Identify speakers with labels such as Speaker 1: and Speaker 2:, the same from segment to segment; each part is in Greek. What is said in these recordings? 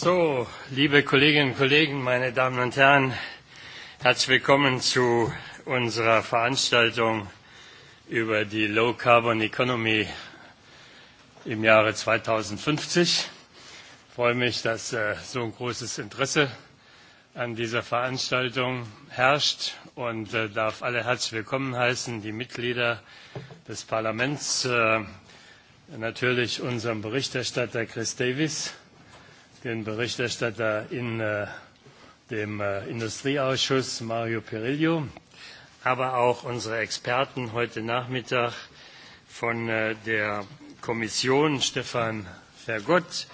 Speaker 1: So, liebe Kolleginnen und Kollegen, meine Damen und Herren, herzlich willkommen zu unserer Veranstaltung über die Low Carbon Economy im Jahre 2050. Ich freue mich, dass so ein großes Interesse an dieser Veranstaltung herrscht und darf alle herzlich willkommen heißen, die Mitglieder des Parlaments, natürlich unserem Berichterstatter Chris Davies den Berichterstatter in dem Industrieausschuss, Mario Perillo, aber auch unsere Experten heute Nachmittag von der Kommission, Stefan Vergott,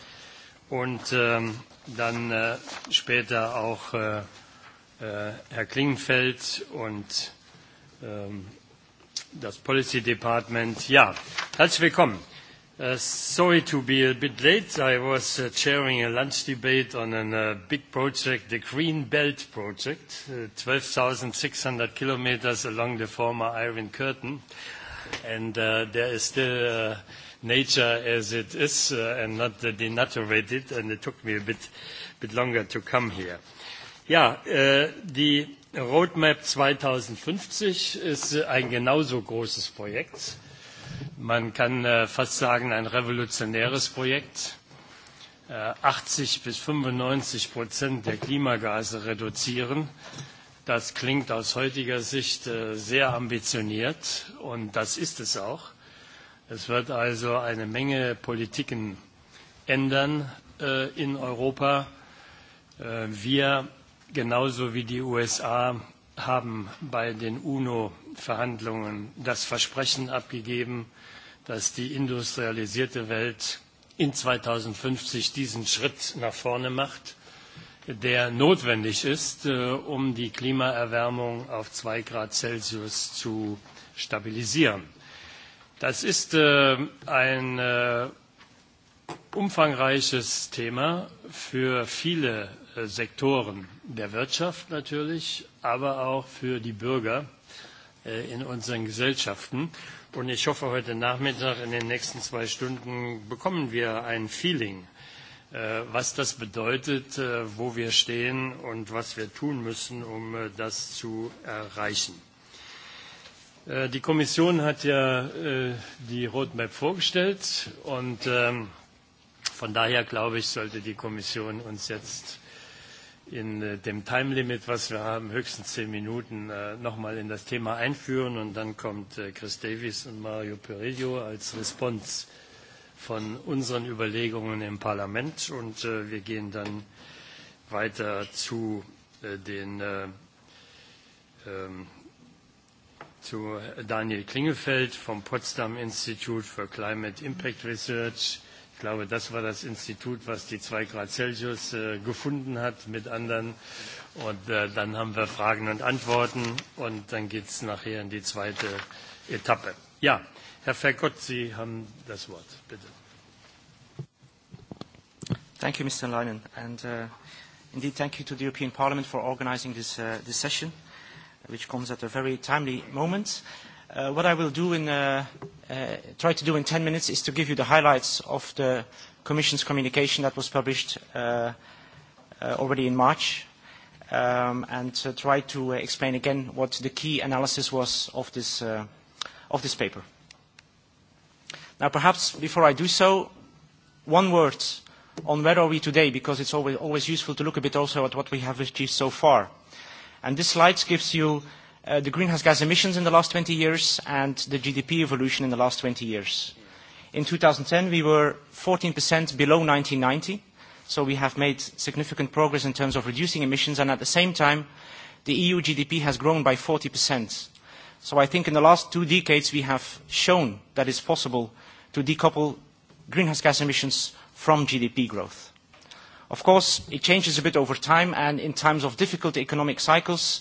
Speaker 1: und dann später auch Herr Klingenfeld und das Policy Department. Ja, herzlich willkommen. Sorry to be a bit late. I was chairing a lunch debate on a big project, the Green Belt project, 12,600 kilometers along the former Iron Curtain. And there is still nature as it is and not denaturated, and it took me a bit longer to come here. Yeah, the Roadmap 2050 ist ein genauso großes Projekt man kann fast sagen ein revolutionäres Projekt, 80 bis 95 Prozent der Klimagase reduzieren. Das klingt aus heutiger Sicht sehr ambitioniert und das ist es auch. Es wird also eine Menge Politiken ändern in Europa. Wir, genauso wie die USA, haben bei den UNO Verhandlungen das Versprechen abgegeben, dass die industrialisierte Welt in 2050 diesen Schritt nach vorne macht, der notwendig ist, um die Klimaerwärmung auf 2 Grad Celsius zu stabilisieren. Das ist ein umfangreiches Thema für viele Sektoren der Wirtschaft natürlich, aber auch für die Bürger in unseren Gesellschaften. Und ich hoffe, heute Nachmittag in den nächsten zwei Stunden bekommen wir ein Feeling, was das bedeutet, wo wir stehen und was wir tun müssen, um das zu erreichen. Die Kommission hat ja die Roadmap vorgestellt und von daher, glaube ich, sollte die Kommission uns jetzt in dem Timelimit, was wir haben, höchstens zehn Minuten, nochmal in das Thema einführen. Und dann kommt Chris Davies und Mario Perillo als Response von unseren Überlegungen im Parlament. Und wir gehen dann weiter zu den zu Daniel Klingefeld vom Potsdam Institute for Climate Impact Research Ich glaube, das war das Institut, was die 2 Grad Celsius gefunden hat mit anderen. Und dann haben wir Fragen und Antworten und dann geht es nachher in die zweite Etappe. Ja, Herr Fergott, Sie haben das Wort. Bitte.
Speaker 2: Thank you, Mr. Leinen. And indeed, thank you to the European Parliament for organizing this session, which comes at a very timely moment. What I will try to do in 10 minutes is to give you the highlights of the Commission's communication that was published already in March, and try to explain again what the key analysis was of this of this paper. Now, perhaps before I do so, one word on where are we today, because it's always useful to look a bit also at what we have achieved so far. And this slide gives you the greenhouse gas emissions in the last 20 years and the GDP evolution in the last 20 years. In 2010, we were 14% below 1990, so we have made significant progress in terms of reducing emissions, and at the same time, the EU GDP has grown by 40%. So I think in the last two decades, we have shown that it's possible to decouple greenhouse gas emissions from GDP growth. Of course, it changes a bit over time, and in times of difficult economic cycles,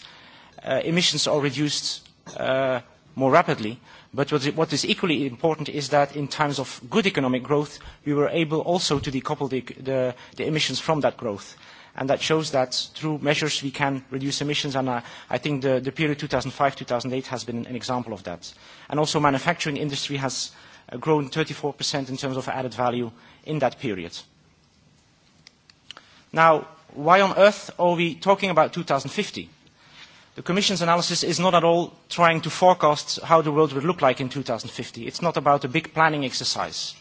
Speaker 2: emissions are reduced more rapidly. But what is equally important is that in times of good economic growth, we were able also to decouple the emissions from that growth. And that shows that through measures we can reduce emissions, and I think the period 2005-2008 has been an example of that. And also manufacturing industry has grown 34% in terms of added value in that period. Now, why on earth are we talking about 2050? The Commission's analysis is not at all trying to forecast how the world will look like in 2050. is not about a big planning exercise.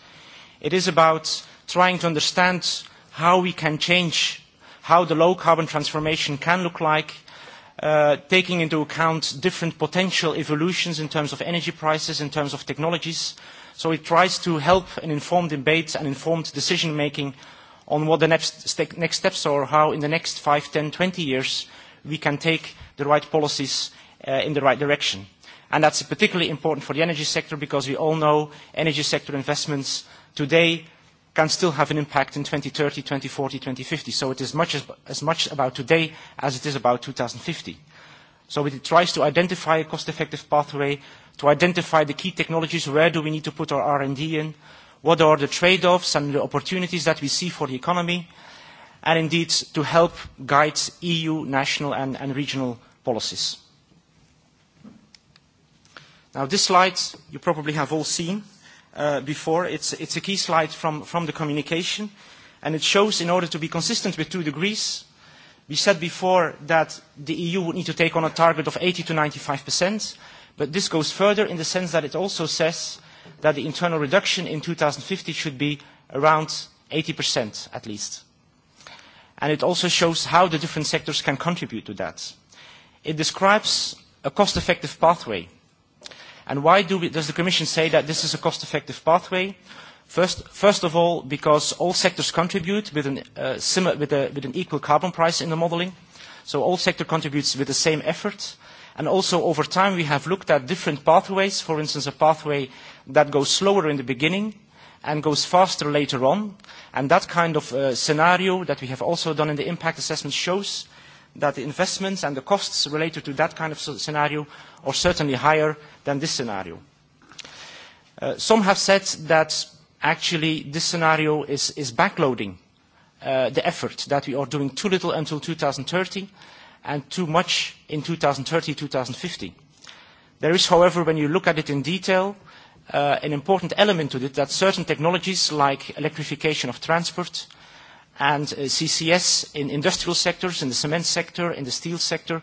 Speaker 2: It is about trying to understand how we can change, how the low-carbon transformation can look like, taking into account different potential evolutions in terms of energy prices, in terms of technologies. So it tries to help an informed debate and informed decision-making on what the next steps are, how in the next 5, 10, 20 years we can take the right policies in the right direction. And that's particularly important for the energy sector because we all know energy sector investments today can still have an impact in 2030, 2040, 2050. So it is as much about today as it is about 2050. So it tries to identify a cost-effective pathway, to identify the key technologies, where do we need to put our R&D in, what are the trade-offs and the opportunities that we see for the economy, and indeed to help guide EU national and regional policies. Now this slide you probably have all seen before. It's a key slide from the communication and it shows in order to be consistent with two degrees, we said before that the EU would need to take on a target of 80 to 95%, but this goes further in the sense that it also says that the internal reduction in 2050 should be around 80% at least and it also shows how the different sectors can contribute to that. It describes a cost-effective pathway. And why does the Commission say that this is a cost-effective pathway? First of all, because all sectors contribute with an equal carbon price in the modelling. So all sectors contributes with the same effort. And also over time we have looked at different pathways, for instance a pathway that goes slower in the beginning and goes faster later on. And that kind of scenario that we have also done in the impact assessment shows that the investments and the costs related to that kind of scenario are certainly higher than this scenario. Some have said that actually this scenario is backloading the effort, that we are doing too little until 2030 and too much in 2030-2050. There is, however, when you look at it in detail, an important element to it that certain technologies like electrification of transport and CCS in industrial sectors, in the cement sector, in the steel sector,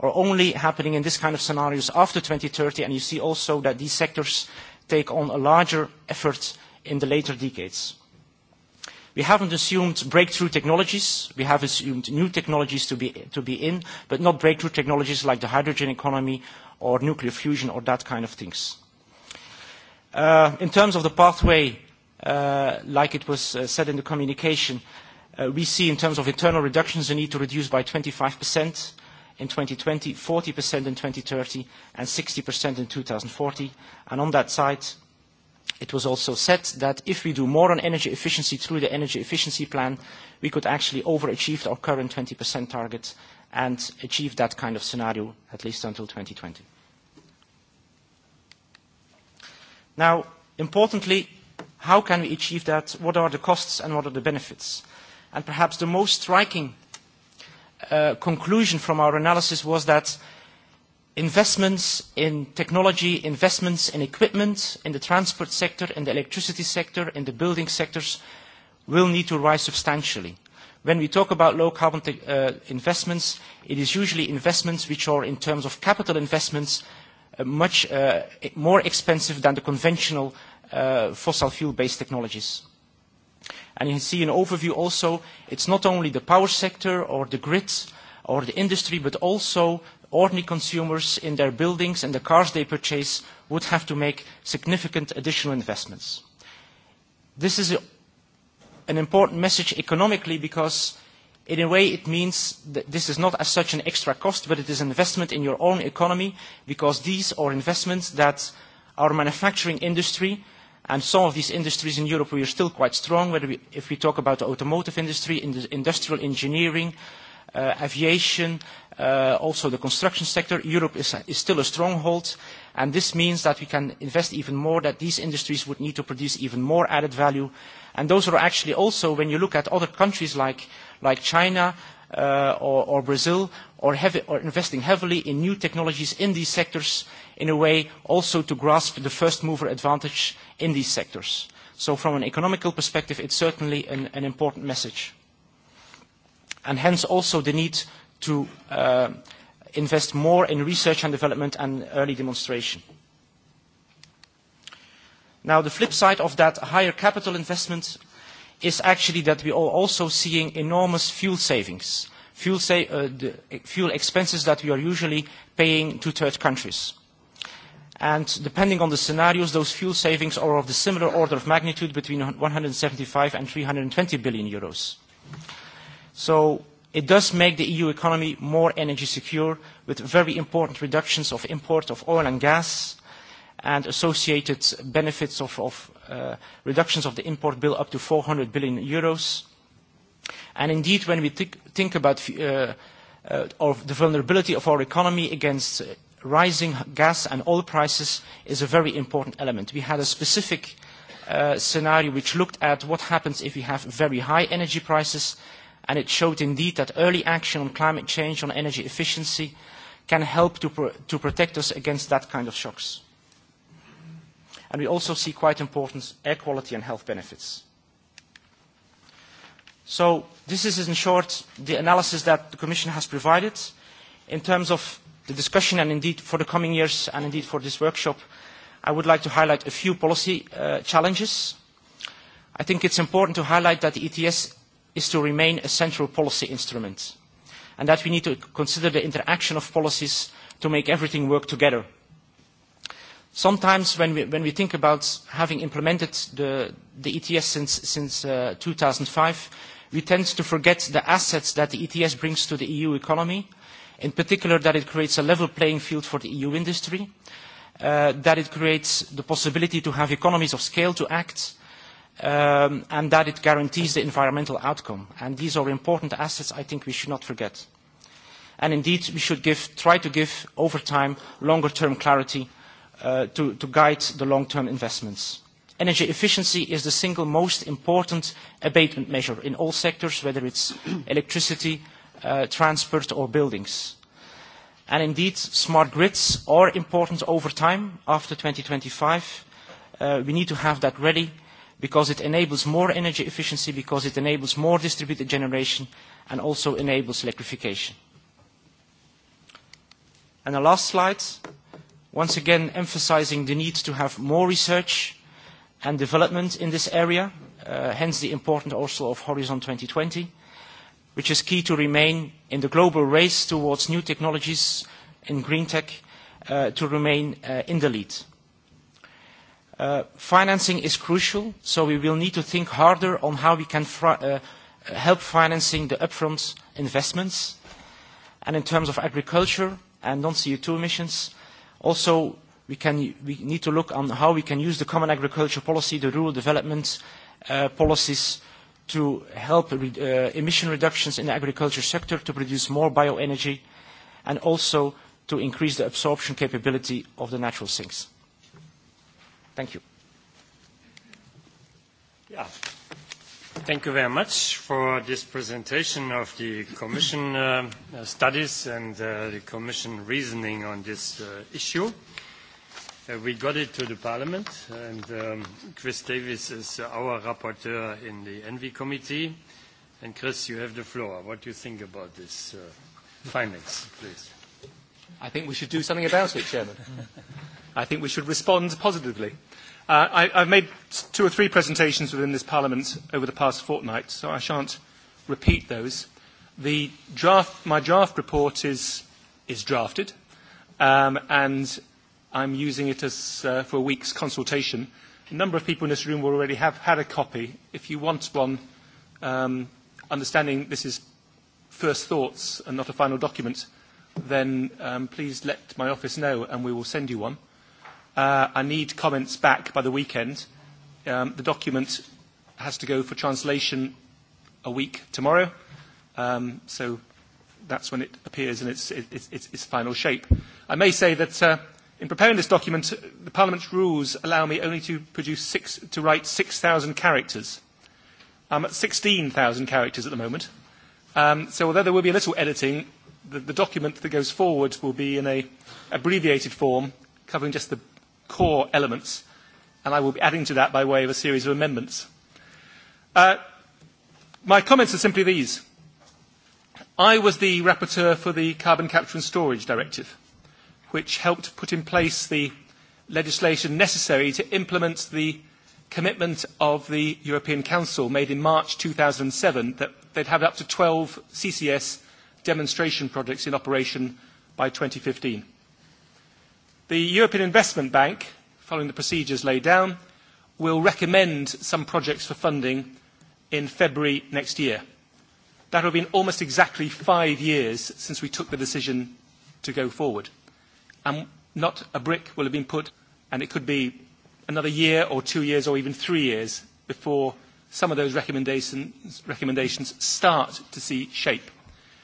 Speaker 2: are only happening in this kind of scenarios after 2030, and you see also that these sectors take on a larger effort in the later decades. We haven't assumed breakthrough technologies. We have assumed new technologies to be in, but not breakthrough technologies like the hydrogen economy or nuclear fusion or that kind of things. In terms of the pathway, like it was said in the communication, we see in terms of internal reductions the need to reduce by 25% in 2020, 40% in 2030, and 60% in 2040. And on that side, it was also said that if we do more on energy efficiency through the energy efficiency plan, we could actually overachieve our current 20% target and achieve that kind of scenario, at least until 2020. Now, importantly, how can we achieve that? What are the costs and what are the benefits? And perhaps the most striking conclusion from our analysis was that investments in technology, investments in equipment, in the transport sector, in the electricity sector, in the building sectors, will need to rise substantially. When we talk about low-carbon investments, it is usually investments which are, in terms of capital investments, much more expensive than the conventional fossil fuel-based technologies. And you can see an overview also, it's not only the power sector or the grid or the industry, but also ordinary consumers in their buildings and the cars they purchase would have to make significant additional investments. This is an important message economically because In a way, it means that this is not as such an extra cost, but it is an investment in your own economy, because these are investments that our manufacturing industry, and some of these industries in Europe we are still quite strong, whether if we talk about the automotive industry, industrial engineering, aviation, also the construction sector, Europe is still a stronghold, and this means that we can invest even more, that these industries would need to produce even more added value. And those are actually also, when you look at other countries like like China or Brazil, or investing heavily in new technologies in these sectors in a way also to grasp the first mover advantage in these sectors. So from an economical perspective, it's certainly an important message. And hence also the need to invest more in research and development and early demonstration. Now, the flip side of that higher capital investment is actually that we are also seeing enormous fuel savings, fuel expenses that we are usually paying to third countries. And depending on the scenarios, those fuel savings are of the similar order of magnitude between 175 and 320 billion euros. So it does make the EU economy more energy secure, with very important reductions of import of oil and gas and associated benefits of reductions of the import bill up to 400 billion euros. And indeed, when we think about the vulnerability of our economy against rising gas and oil prices is a very important element. We had a specific scenario which looked at what happens if we have very high energy prices, and it showed indeed that early action on climate change, on energy efficiency, can help to protect us against that kind of shocks and we also see quite important air quality and health benefits. So this is in short the analysis that the Commission has provided in terms of the discussion and indeed for the coming years and indeed for this workshop. I would like to highlight a few policy challenges. I think it's important to highlight that the ETS is to remain a central policy instrument and that we need to consider the interaction of policies to make everything work together Sometimes when we think about having implemented the ETS since since 2005, we tend to forget the assets that the ETS brings to the EU economy, in particular that it creates a level playing field for the EU industry, that it creates the possibility to have economies of scale to act, and that it guarantees the environmental outcome. And these are important assets I think we should not forget. And indeed, we should try to give over time longer-term clarity to guide the long-term investments. Energy efficiency is the single most important abatement measure in all sectors, whether it's electricity, transport or buildings. And indeed, smart grids are important over time after 2025. We need to have that ready because it enables more energy efficiency, because it enables more distributed generation and also enables electrification. And the last slide once again emphasizing the need to have more research and development in this area, hence the importance also of Horizon 2020, which is key to remain in the global race towards new technologies in green tech to remain in the lead. Financing is crucial, so we will need to think harder on how we can help financing the upfront investments. And in terms of agriculture and non-CO2 emissions, Also, we need to look on how we can use the common agriculture policy, the rural development policies, to help emission reductions in the agriculture sector, to produce more bioenergy, and also to increase the absorption capability of the natural sinks. Thank you.
Speaker 1: Thank you very much for this presentation of the Commission studies and the Commission reasoning on this issue. We got it to the Parliament, and Chris Davies is our rapporteur in the Envi Committee. And Chris, you have the floor. What do you think about this
Speaker 3: findings, please? I think we should do something about it, Chairman. I think we should respond positively. I I've made two or three presentations within this Parliament over the past fortnight, so I shan't repeat those. The draft, my draft report is is drafted, and I'm using it as for a week's consultation. A number of people in this room will already have had a copy. If you want one, understanding this is first thoughts and not a final document, then please let my office know and we will send you one. I need comments back by the weekend. The document has to go for translation a week tomorrow, so that's when it appears in its final shape. I may say that in preparing this document, the Parliament's rules allow me only to produce six to write 6,000 characters. I'm at 16,000 characters at the moment, so although there will be a little editing, the document that goes forward will be in an abbreviated form, covering just the core elements, and I will be adding to that by way of a series of amendments. My comments are simply these. I was the rapporteur for the Carbon Capture and Storage Directive, which helped put in place the legislation necessary to implement the commitment of the European Council made in March 2007 that they'd have up to 12 CCS demonstration projects in operation by 2015. The European Investment Bank, following the procedures laid down, will recommend some projects for funding in February next year. That will have been almost exactly five years since we took the decision to go forward. And not a brick will have been put, and it could be another year or two years or even three years before some of those recommendations start to see shape.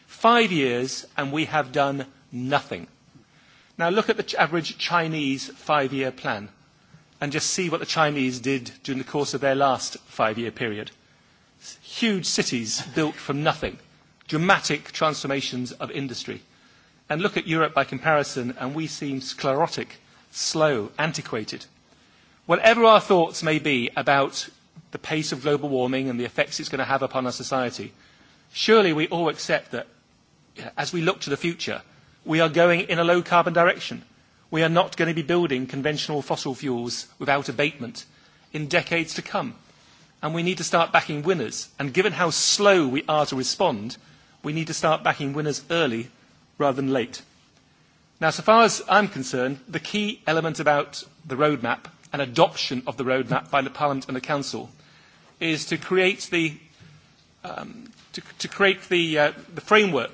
Speaker 3: Five years, and we have done nothing. Now look at the average Chinese five-year plan and just see what the Chinese did during the course of their last five-year period. Huge cities built from nothing, dramatic transformations of industry. And look at Europe by comparison, and we seem sclerotic, slow, antiquated. Whatever our thoughts may be about the pace of global warming and the effects it's going to have upon our society, surely we all accept that as we look to the future, We are going in a low carbon direction. We are not going to be building conventional fossil fuels without abatement in decades to come. And we need to start backing winners. And given how slow we are to respond, we need to start backing winners early rather than late. Now, so far as I'm concerned, the key element about the roadmap and adoption of the roadmap by the Parliament and the Council is to create the framework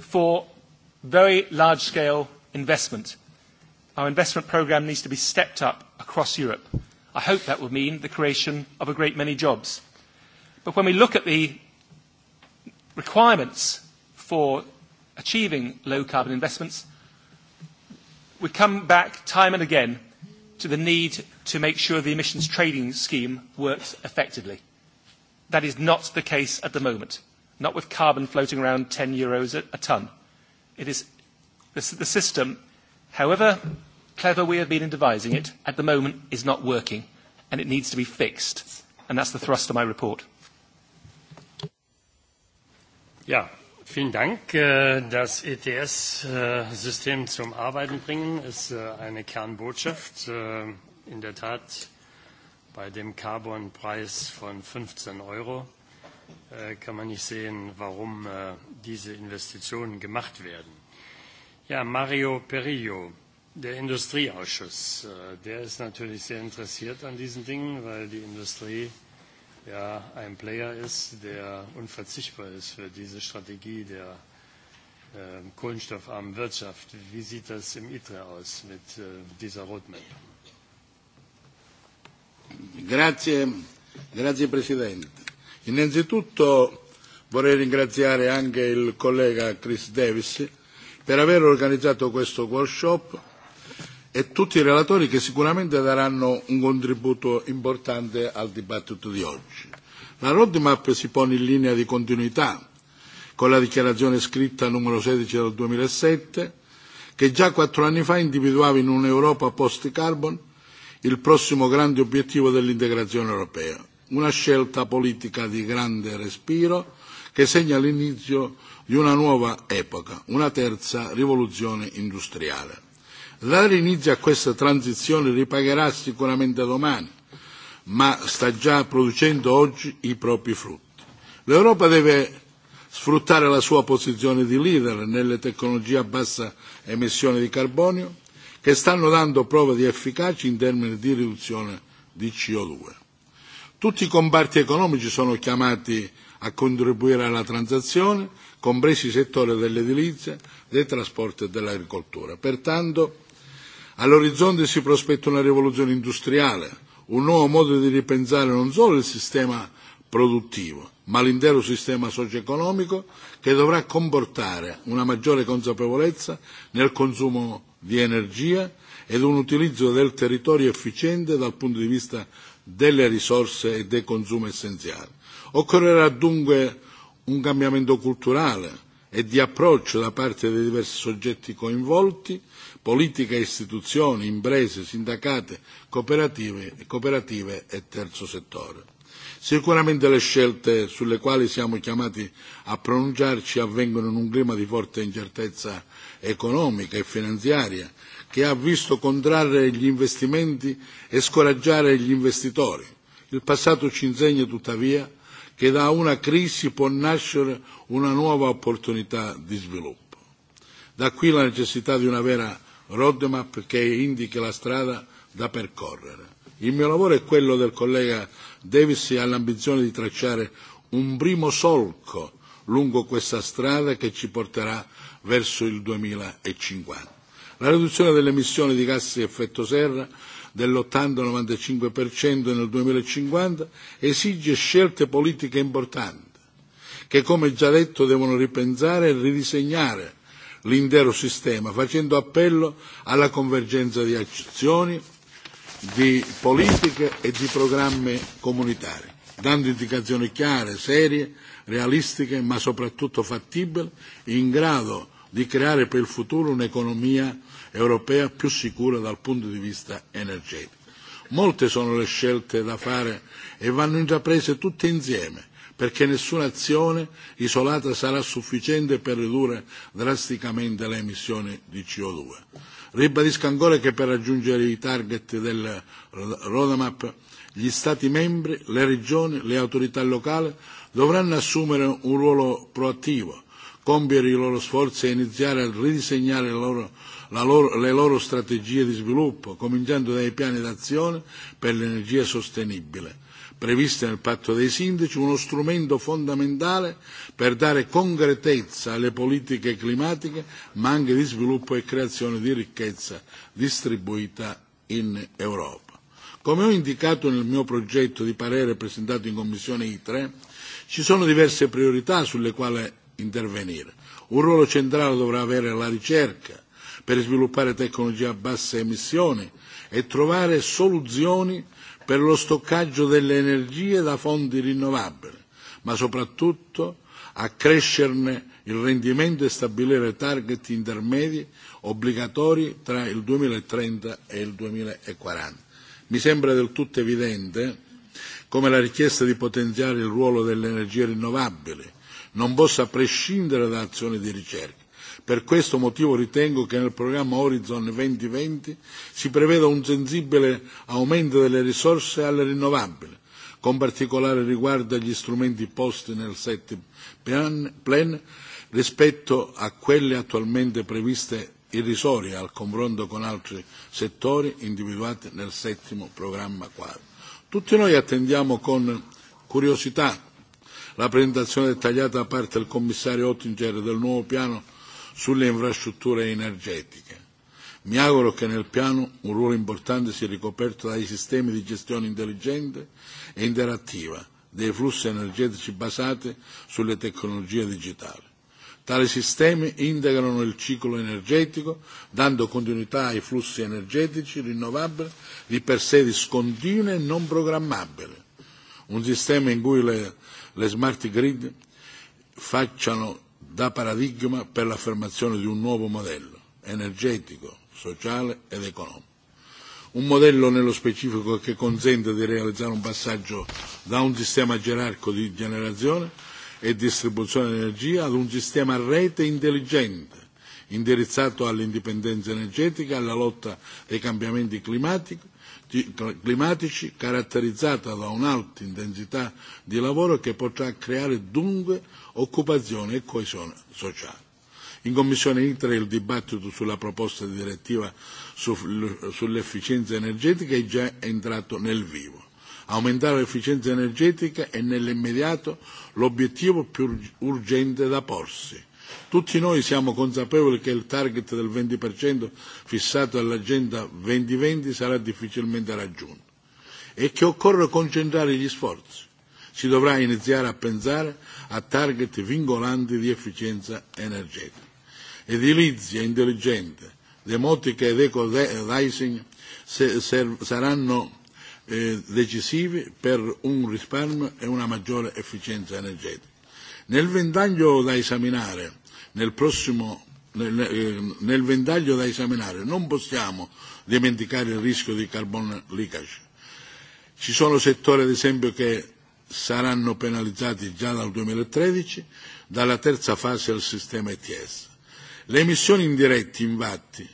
Speaker 3: for very large-scale investment. Our investment programme needs to be stepped up across Europe. I hope that will mean the creation of a great many jobs. But when we look at the requirements for achieving low-carbon investments, we come back time and again to the need to make sure the emissions trading scheme works effectively. That is not the case at the moment, not with carbon floating around 10 euros a tonne. It is the system, however clever we have been in devising it, at the moment is not working, and it needs to be fixed. And that's the thrust of my report. Ja, vielen Dank.
Speaker 1: Das ETS-System zum Arbeiten bringen ist eine Kernbotschaft. In der Tat bei dem Carbon-Preis von 15 Euro kann man nicht sehen, warum diese Investitionen gemacht werden. Ja, Mario Perillo, der Industrieausschuss, der ist natürlich sehr interessiert an diesen Dingen, weil die Industrie ja ein Player ist, der unverzichtbar ist für diese Strategie der kohlenstoffarmen Wirtschaft. Wie sieht das im ITRE aus mit dieser Roadmap?
Speaker 4: Grazie, grazie Presidente. Innanzitutto vorrei ringraziare anche il collega Chris Davis per aver organizzato questo workshop e tutti i relatori che sicuramente daranno un contributo importante al dibattito di oggi. La roadmap si pone in linea di continuità con la dichiarazione scritta numero 16 del 2007 che già quattro anni fa individuava in un'Europa post-carbon il prossimo grande obiettivo dell'integrazione europea una scelta politica di grande respiro che segna l'inizio di una nuova epoca, una terza rivoluzione industriale. Dare inizio a questa transizione ripagherà sicuramente domani, ma sta già producendo oggi i propri frutti. L'Europa deve sfruttare la sua posizione di leader nelle tecnologie a bassa emissione di carbonio, che stanno dando prova di efficacia in termini di riduzione di CO2. Tutti i comparti economici sono chiamati a contribuire alla transazione, compresi i settori dell'edilizia, dei trasporti e dell'agricoltura. Pertanto, all'orizzonte si prospetta una rivoluzione industriale, un nuovo modo di ripensare non solo il sistema produttivo, ma l'intero sistema socio-economico che dovrà comportare una maggiore consapevolezza nel consumo di energia ed un utilizzo del territorio efficiente dal punto di vista delle risorse e dei consumi essenziali. Occorrerà dunque un cambiamento culturale e di approccio da parte dei diversi soggetti coinvolti, politica, istituzioni, imprese, sindacate, cooperative e terzo settore. Sicuramente le scelte sulle quali siamo chiamati a pronunciarci avvengono in un clima di forte incertezza economica e finanziaria che ha visto contrarre gli investimenti e scoraggiare gli investitori. Il passato ci insegna tuttavia che da una crisi può nascere una nuova opportunità di sviluppo. Da qui la necessità di una vera roadmap che indichi la strada da percorrere. Il mio lavoro e quello del collega Davis ha l'ambizione di tracciare un primo solco lungo questa strada che ci porterà verso il 2050. La riduzione delle emissioni di gas di effetto serra dell'80-95% nel 2050 esige scelte politiche importanti che, come già detto, devono ripensare e ridisegnare l'intero sistema facendo appello alla convergenza di azioni, di politiche e di programmi comunitari, dando indicazioni chiare, serie, realistiche ma soprattutto fattibili, in grado di creare per il futuro un'economia europea più sicura dal punto di vista energetico. Molte sono le scelte da fare e vanno intraprese tutte insieme, perché nessuna azione isolata sarà sufficiente per ridurre drasticamente le emissioni di CO2. Ribadisco ancora che per raggiungere i target del roadmap gli Stati membri, le regioni, le autorità locali dovranno assumere un ruolo proattivo, compiere i loro sforzi e iniziare a ridisegnare le loro loro, le loro strategie di sviluppo, cominciando dai piani d'azione per l'energia sostenibile previste nel patto dei sindaci, uno strumento fondamentale per dare concretezza alle politiche climatiche, ma anche di sviluppo e creazione di ricchezza distribuita in Europa. Come ho indicato nel mio progetto di parere presentato in Commissione ITRE, ci sono diverse priorità sulle quali intervenire. Un ruolo centrale dovrà avere la ricerca, per sviluppare tecnologie a basse emissioni e trovare soluzioni per lo stoccaggio delle energie da fonti rinnovabili, ma soprattutto accrescerne il rendimento e stabilire target intermedi obbligatori tra il 2030 e il 2040. Mi sembra del tutto evidente come la richiesta di potenziare il ruolo delle energie rinnovabili non possa prescindere da azioni di ricerca Per questo motivo ritengo che nel programma Horizon 2020 si preveda un sensibile aumento delle risorse alle rinnovabili, con particolare riguardo agli strumenti posti nel set plan rispetto a quelle attualmente previste irrisorie al confronto con altri settori individuati nel settimo programma quadro. Tutti noi attendiamo con curiosità la presentazione dettagliata da parte del commissario Oettinger del nuovo piano sulle infrastrutture energetiche. Mi auguro che nel piano un ruolo importante sia ricoperto dai sistemi di gestione intelligente e interattiva dei flussi energetici basati sulle tecnologie digitali. Tali sistemi integrano il ciclo energetico, dando continuità ai flussi energetici rinnovabili di per sé discontinue e non programmabili. Un sistema in cui le, le smart grid facciano dà paradigma per l'affermazione di un nuovo modello energetico, sociale ed economico. Un modello nello specifico che consente di realizzare un passaggio da un sistema gerarchico di generazione e distribuzione di energia ad un sistema a rete intelligente, indirizzato all'indipendenza energetica, alla lotta ai cambiamenti climatici, caratterizzata da un'alta intensità di lavoro che potrà creare dunque occupazione e coesione sociale. In Commissione ITRE il dibattito sulla proposta di direttiva sull'efficienza energetica è già entrato nel vivo. Aumentare l'efficienza energetica è nell'immediato l'obiettivo più urgente da porsi. Tutti noi siamo consapevoli che il target del 20% fissato all'Agenda 2020 sarà difficilmente raggiunto e che occorre concentrare gli sforzi. Si dovrà iniziare a pensare a target vincolanti di efficienza energetica. Edilizia intelligente, demotica ed eco-rising saranno decisivi per un risparmio e una maggiore efficienza energetica. Nel ventaglio da esaminare nel prossimo nel ventaglio da esaminare non possiamo dimenticare il rischio di carbon leakage. Ci sono settori ad esempio che saranno penalizzati già dal 2013 dalla terza fase al sistema ETS. Le emissioni indirette, infatti,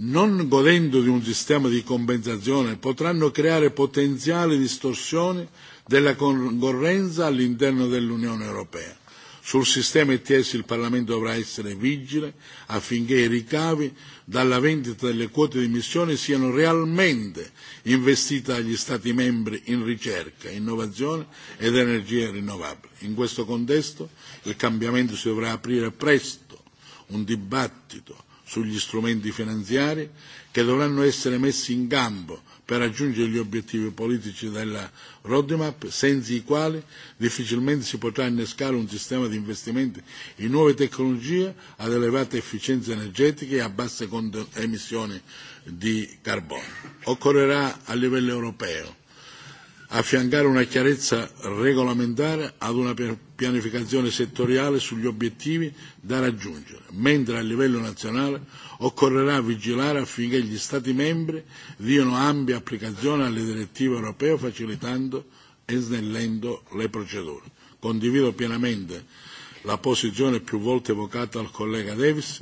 Speaker 4: non godendo di un sistema di compensazione, potranno creare potenziali distorsioni della concorrenza all'interno dell'Unione Europea. Sul sistema ETS il Parlamento dovrà essere vigile affinché i ricavi dalla vendita delle quote di emissione siano realmente investite dagli Stati membri in ricerca, innovazione ed energie rinnovabili. In questo contesto il cambiamento si dovrà aprire presto un dibattito sugli strumenti finanziari che dovranno essere messi in campo per raggiungere gli obiettivi politici della roadmap, senza i quali difficilmente si potrà innescare un sistema di investimenti in nuove tecnologie ad elevate efficienza energetica e a basse emissioni di carbonio. Occorrerà a livello europeo affiancare una chiarezza regolamentare ad una pianificazione settoriale sugli obiettivi da raggiungere, mentre a livello nazionale Occorrerà vigilare affinché gli Stati membri diano ampia applicazione alle direttive europee facilitando e snellendo le procedure. Condivido pienamente la posizione più volte evocata dal collega Davis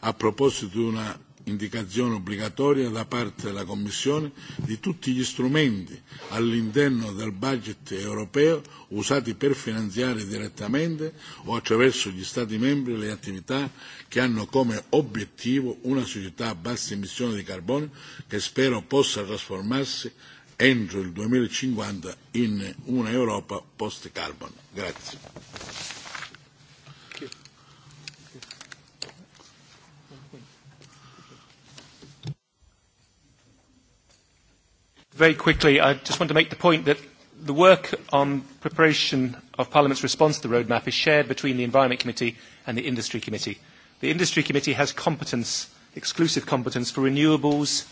Speaker 4: a proposito di una indicazione obbligatoria da parte della Commissione di tutti gli strumenti all'interno del budget europeo usati per finanziare direttamente o attraverso gli Stati membri le attività che hanno come obiettivo una società a bassa emissione di carbonio che spero possa trasformarsi entro il 2050 in un'Europa post-carbon. Grazie.
Speaker 3: Very quickly, I just want to make the point that the work on preparation of Parliament's response to the roadmap is shared between the Environment Committee and the Industry Committee. The Industry Committee has competence, exclusive competence, for renewables,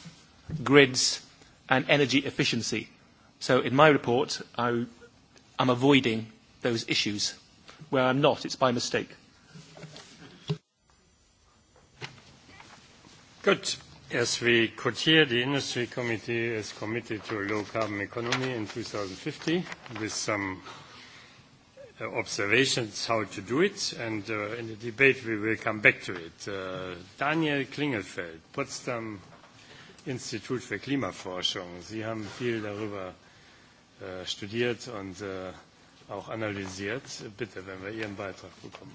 Speaker 3: grids and energy efficiency. So in my report, I am avoiding those issues. Where I'm not, it's by mistake.
Speaker 1: Good. As we could hear, the Industry Committee is committed to a low-carbon economy in 2050 with some observations how to do it, and in the debate we will come back to it. Daniel Klingelfeld, Potsdam Institut für Klimaforschung. Sie haben viel darüber studiert und auch analysiert. Bitte, wenn wir Ihren Beitrag bekommen.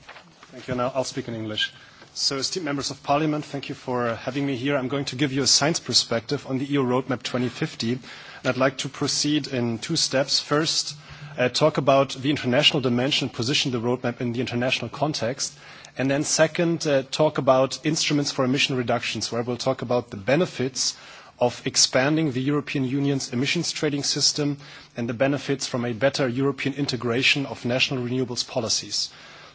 Speaker 1: Thank you.
Speaker 5: I'll speak in English. So, esteemed members of parliament, thank you for having me here. I'm going to give you a science perspective on the EU Roadmap 2050. And I'd like to proceed in two steps. First, talk about the international dimension, position the roadmap in the international context. And then second, talk about instruments for emission reductions, where we'll talk about the benefits of expanding the European Union's emissions trading system and the benefits from a better European integration of national renewables policies.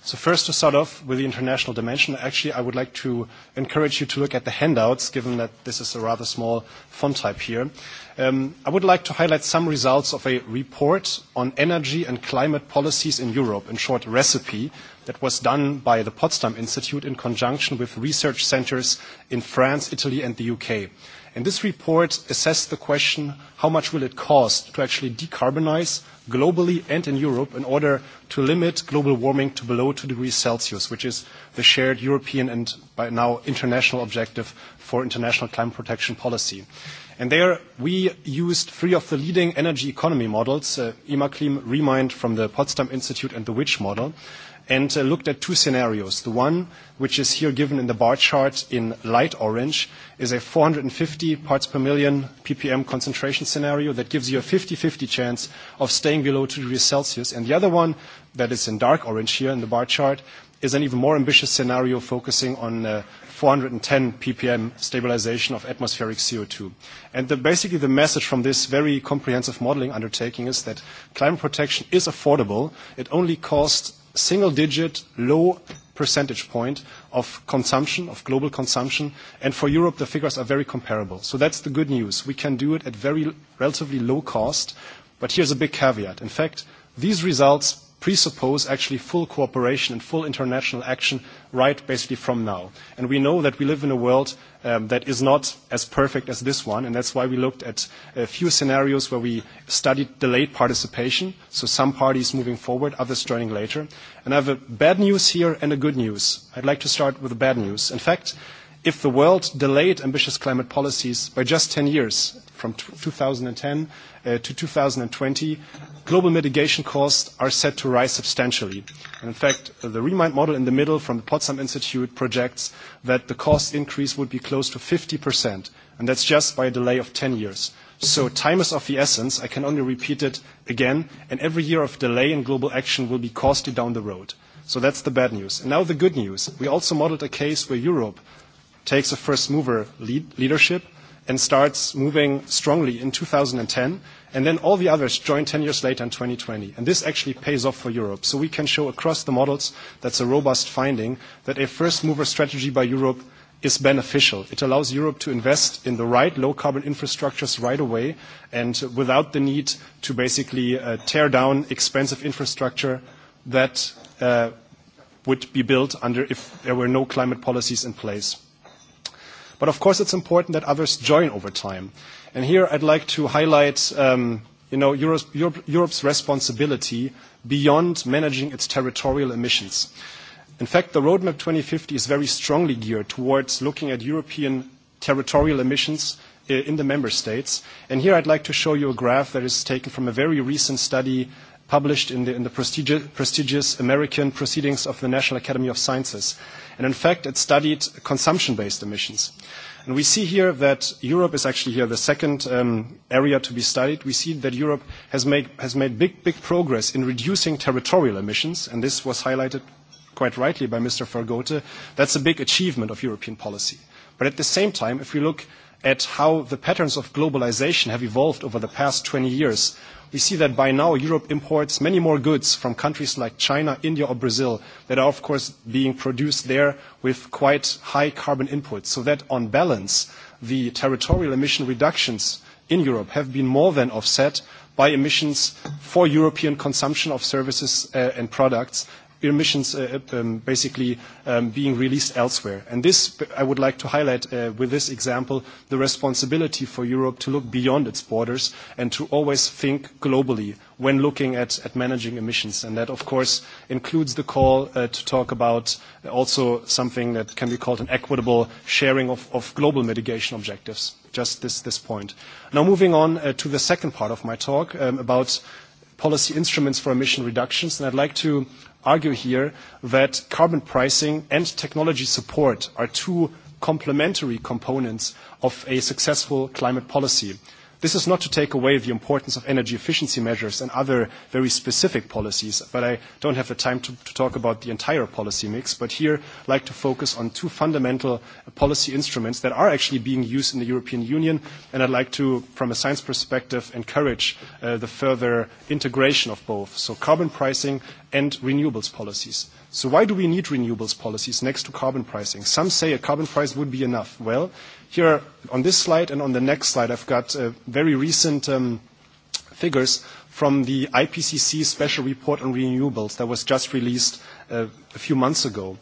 Speaker 5: So first to start off with the international dimension, actually I would like to encourage you to look at the handouts, given that this is a rather small font type here. I would like to highlight some results of a report on energy and climate policies in Europe, in short RECIPE, that was done by the Potsdam Institute in conjunction with research centers in France, Italy and the UK. And this report assessed the question, how much will it cost to actually decarbonize globally and in Europe in order to limit global warming to below 2 degrees Celsius, which is the shared European and by now international objective for international climate protection policy. And there we used three of the leading energy economy models, Imaclim, Remind from the Potsdam Institute and the WICH model and looked at two scenarios. The one, which is here given in the bar chart in light orange, is a 450 parts per million ppm concentration scenario that gives you a 50-50 chance of staying below 2 degrees Celsius. And the other one, that is in dark orange here in the bar chart, is an even more ambitious scenario focusing on 410 ppm stabilization of atmospheric CO2. And basically the message from this very comprehensive modeling undertaking is that climate protection is affordable. It only costs single-digit, low percentage point of consumption, of global consumption. And for Europe, the figures are very comparable. So that's the good news. We can do it at very relatively low cost. But here's a big caveat. In fact, these results presuppose actually full cooperation and full international action right basically from now. And we know that we live in a world that is not as perfect as this one, and that's why we looked at a few scenarios where we studied delayed participation, so some parties moving forward, others joining later. And I have a bad news here and a good news. I'd like to start with the bad news. In fact, if the world delayed ambitious climate policies by just 10 years, from 2010 to 2020, global mitigation costs are set to rise substantially. In fact, the Remind model in the middle from the Potsdam Institute projects that the cost increase would be close to 50%, and that's just by a delay of 10 years. So time is of the essence. I can only repeat it again, and every year of delay in global action will be costly down the road. So that's the bad news. And now the good news. We also modeled a case where Europe takes a first mover leadership and starts moving strongly in 2010, and then all the others join 10 years later in 2020. And this actually pays off for Europe. So we can show across the models, that's a robust finding, that a first-mover strategy by Europe is beneficial. It allows Europe to invest in the right low-carbon infrastructures right away and without the need to basically tear down expensive infrastructure that would be built under if there were no climate policies in place. But of course, it's important that others join over time. And here I'd like to highlight Europe's responsibility beyond managing its territorial emissions. In fact, the Roadmap 2050 is very strongly geared towards looking at European territorial emissions in the member states. And here I'd like to show you a graph that is taken from a very recent study published in the prestigious American Proceedings of the National Academy of Sciences. And in fact, it studied consumption-based emissions. And we see here that Europe is actually here the second area to be studied. We see that Europe has made big, big progress in reducing territorial emissions, and this was highlighted quite rightly by Mr. Fergote. That's a big achievement of European policy. But at the same time, if we look at how the patterns of globalisation have evolved over the past 20 years, we see that by now Europe imports many more goods from countries like China, India or Brazil that are of course being produced there with quite high carbon inputs. So that on balance, the territorial emission reductions in Europe have been more than offset by emissions for European consumption of services and products emissions basically being released elsewhere. And this, I would like to highlight with this example, the responsibility for Europe to look beyond its borders and to always think globally when looking at managing emissions. And that, of course, includes the call to talk about also something that can be called an equitable sharing of global mitigation objectives, just this point. Now, moving on to the second part of my talk about policy instruments for emission reductions, and I'd like to argue here that carbon pricing and technology support are two complementary components of a successful climate policy. This is not to take away the importance of energy efficiency measures and other very specific policies, but I don't have the time to talk about the entire policy mix, but here I'd like to focus on two fundamental policy instruments that are actually being used in the European Union, and I'd like to, from a science perspective, encourage the further integration of both, so carbon pricing and renewables policies. So why do we need renewables policies next to carbon pricing? Some say a carbon price would be enough. Well, Here on this slide and on the next slide, I've got very recent figures from the IPCC Special Report on Renewables that was just released a few months ago.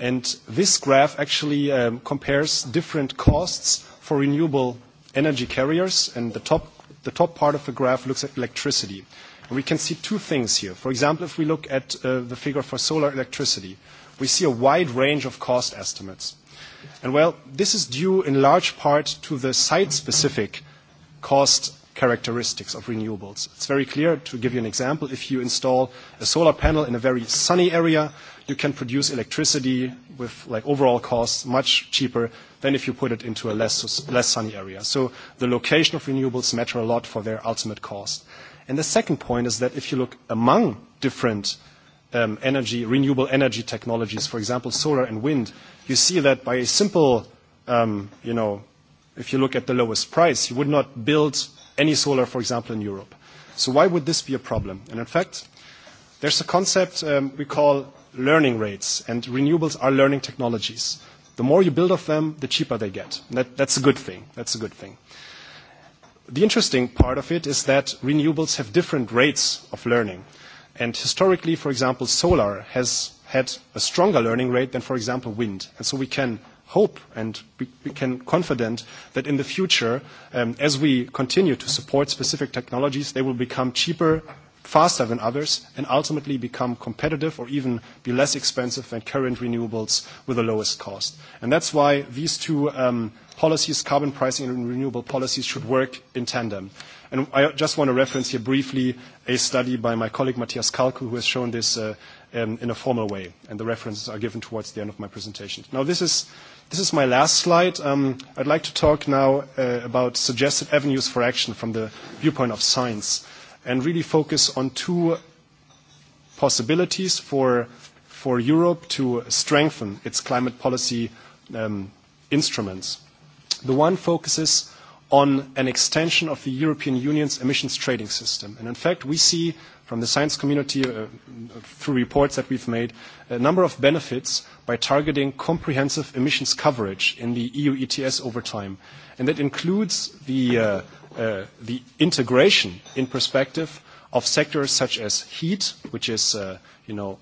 Speaker 5: And this graph actually compares different costs for renewable energy carriers, and the top part of the graph looks at electricity. We can see two things here. For example, if we look at the figure for solar electricity, we see a wide range of cost estimates well, this is due in large part to the site-specific cost characteristics of renewables. It's very clear, to give you an example, if you install a solar panel in a very sunny area, you can produce electricity with like overall costs much cheaper than if you put it into a less sunny area. So the location of renewables matter a lot for their ultimate cost. And the second point is that if you look among different energy renewable energy technologies, for example solar and wind, you see that by a simple, you know, if you look at the lowest price, you would not build any solar, for example, in Europe. So why would this be a problem? And in fact, there's a concept we call learning rates, and renewables are learning technologies. The more you build of them, the cheaper they get. That's a good thing. That's a good thing. The interesting part of it is that renewables have different rates of learning. And historically, for example, solar has had a stronger learning rate than, for example, wind. And so we can hope and we can confident that in the future, as we continue to support specific technologies, they will become cheaper, faster than others, and ultimately become competitive or even be less expensive than current renewables with the lowest cost. And that's why these two policies, carbon pricing and renewable policies, should work in tandem. And I just want to reference here briefly a study by my colleague Matthias Kalku, who has shown this in a formal way, and the references are given towards the end of my presentation. Now, this is my last slide. I'd like to talk now about suggested avenues for action from the viewpoint of science, and really focus on two possibilities for for Europe to strengthen its climate policy instruments. The one focuses on an extension of the European Union's emissions trading system, and in fact, we see from the science community through reports that we've made a number of benefits by targeting comprehensive emissions coverage in the EU ETS over time. And that includes the integration in perspective of sectors such as heat, which is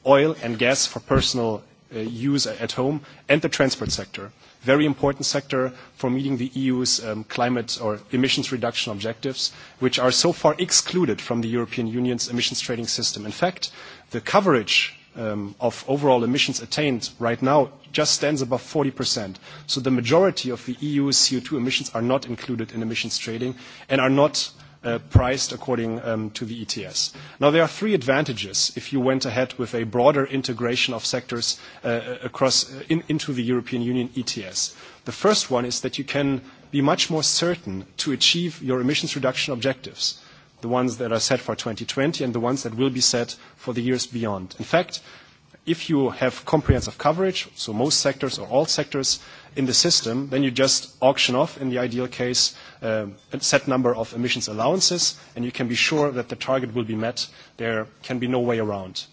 Speaker 5: oil and gas for personal use at home, and the transport sector very important sector for meeting the EU's climate or emissions reduction objectives, which are so far excluded from the European Union's emissions trading system. In fact, the coverage of overall emissions attained right now just stands above 40%. So the majority of the EU's CO2 emissions are not included in emissions trading and are not priced according to the ETS. Now, there are three advantages if you went ahead with a broader integration of sectors across into the European Union ETS. The first one is that you can be much more certain to achieve your emissions reduction objectives, the ones that are set for 2020 and the ones that will be set for the years beyond. In fact, if you have comprehensive coverage, so most sectors or all sectors in the system, then you just auction off, in the ideal case, a set number of emissions allowances, and you can be sure that the target will be met. There can be no way around.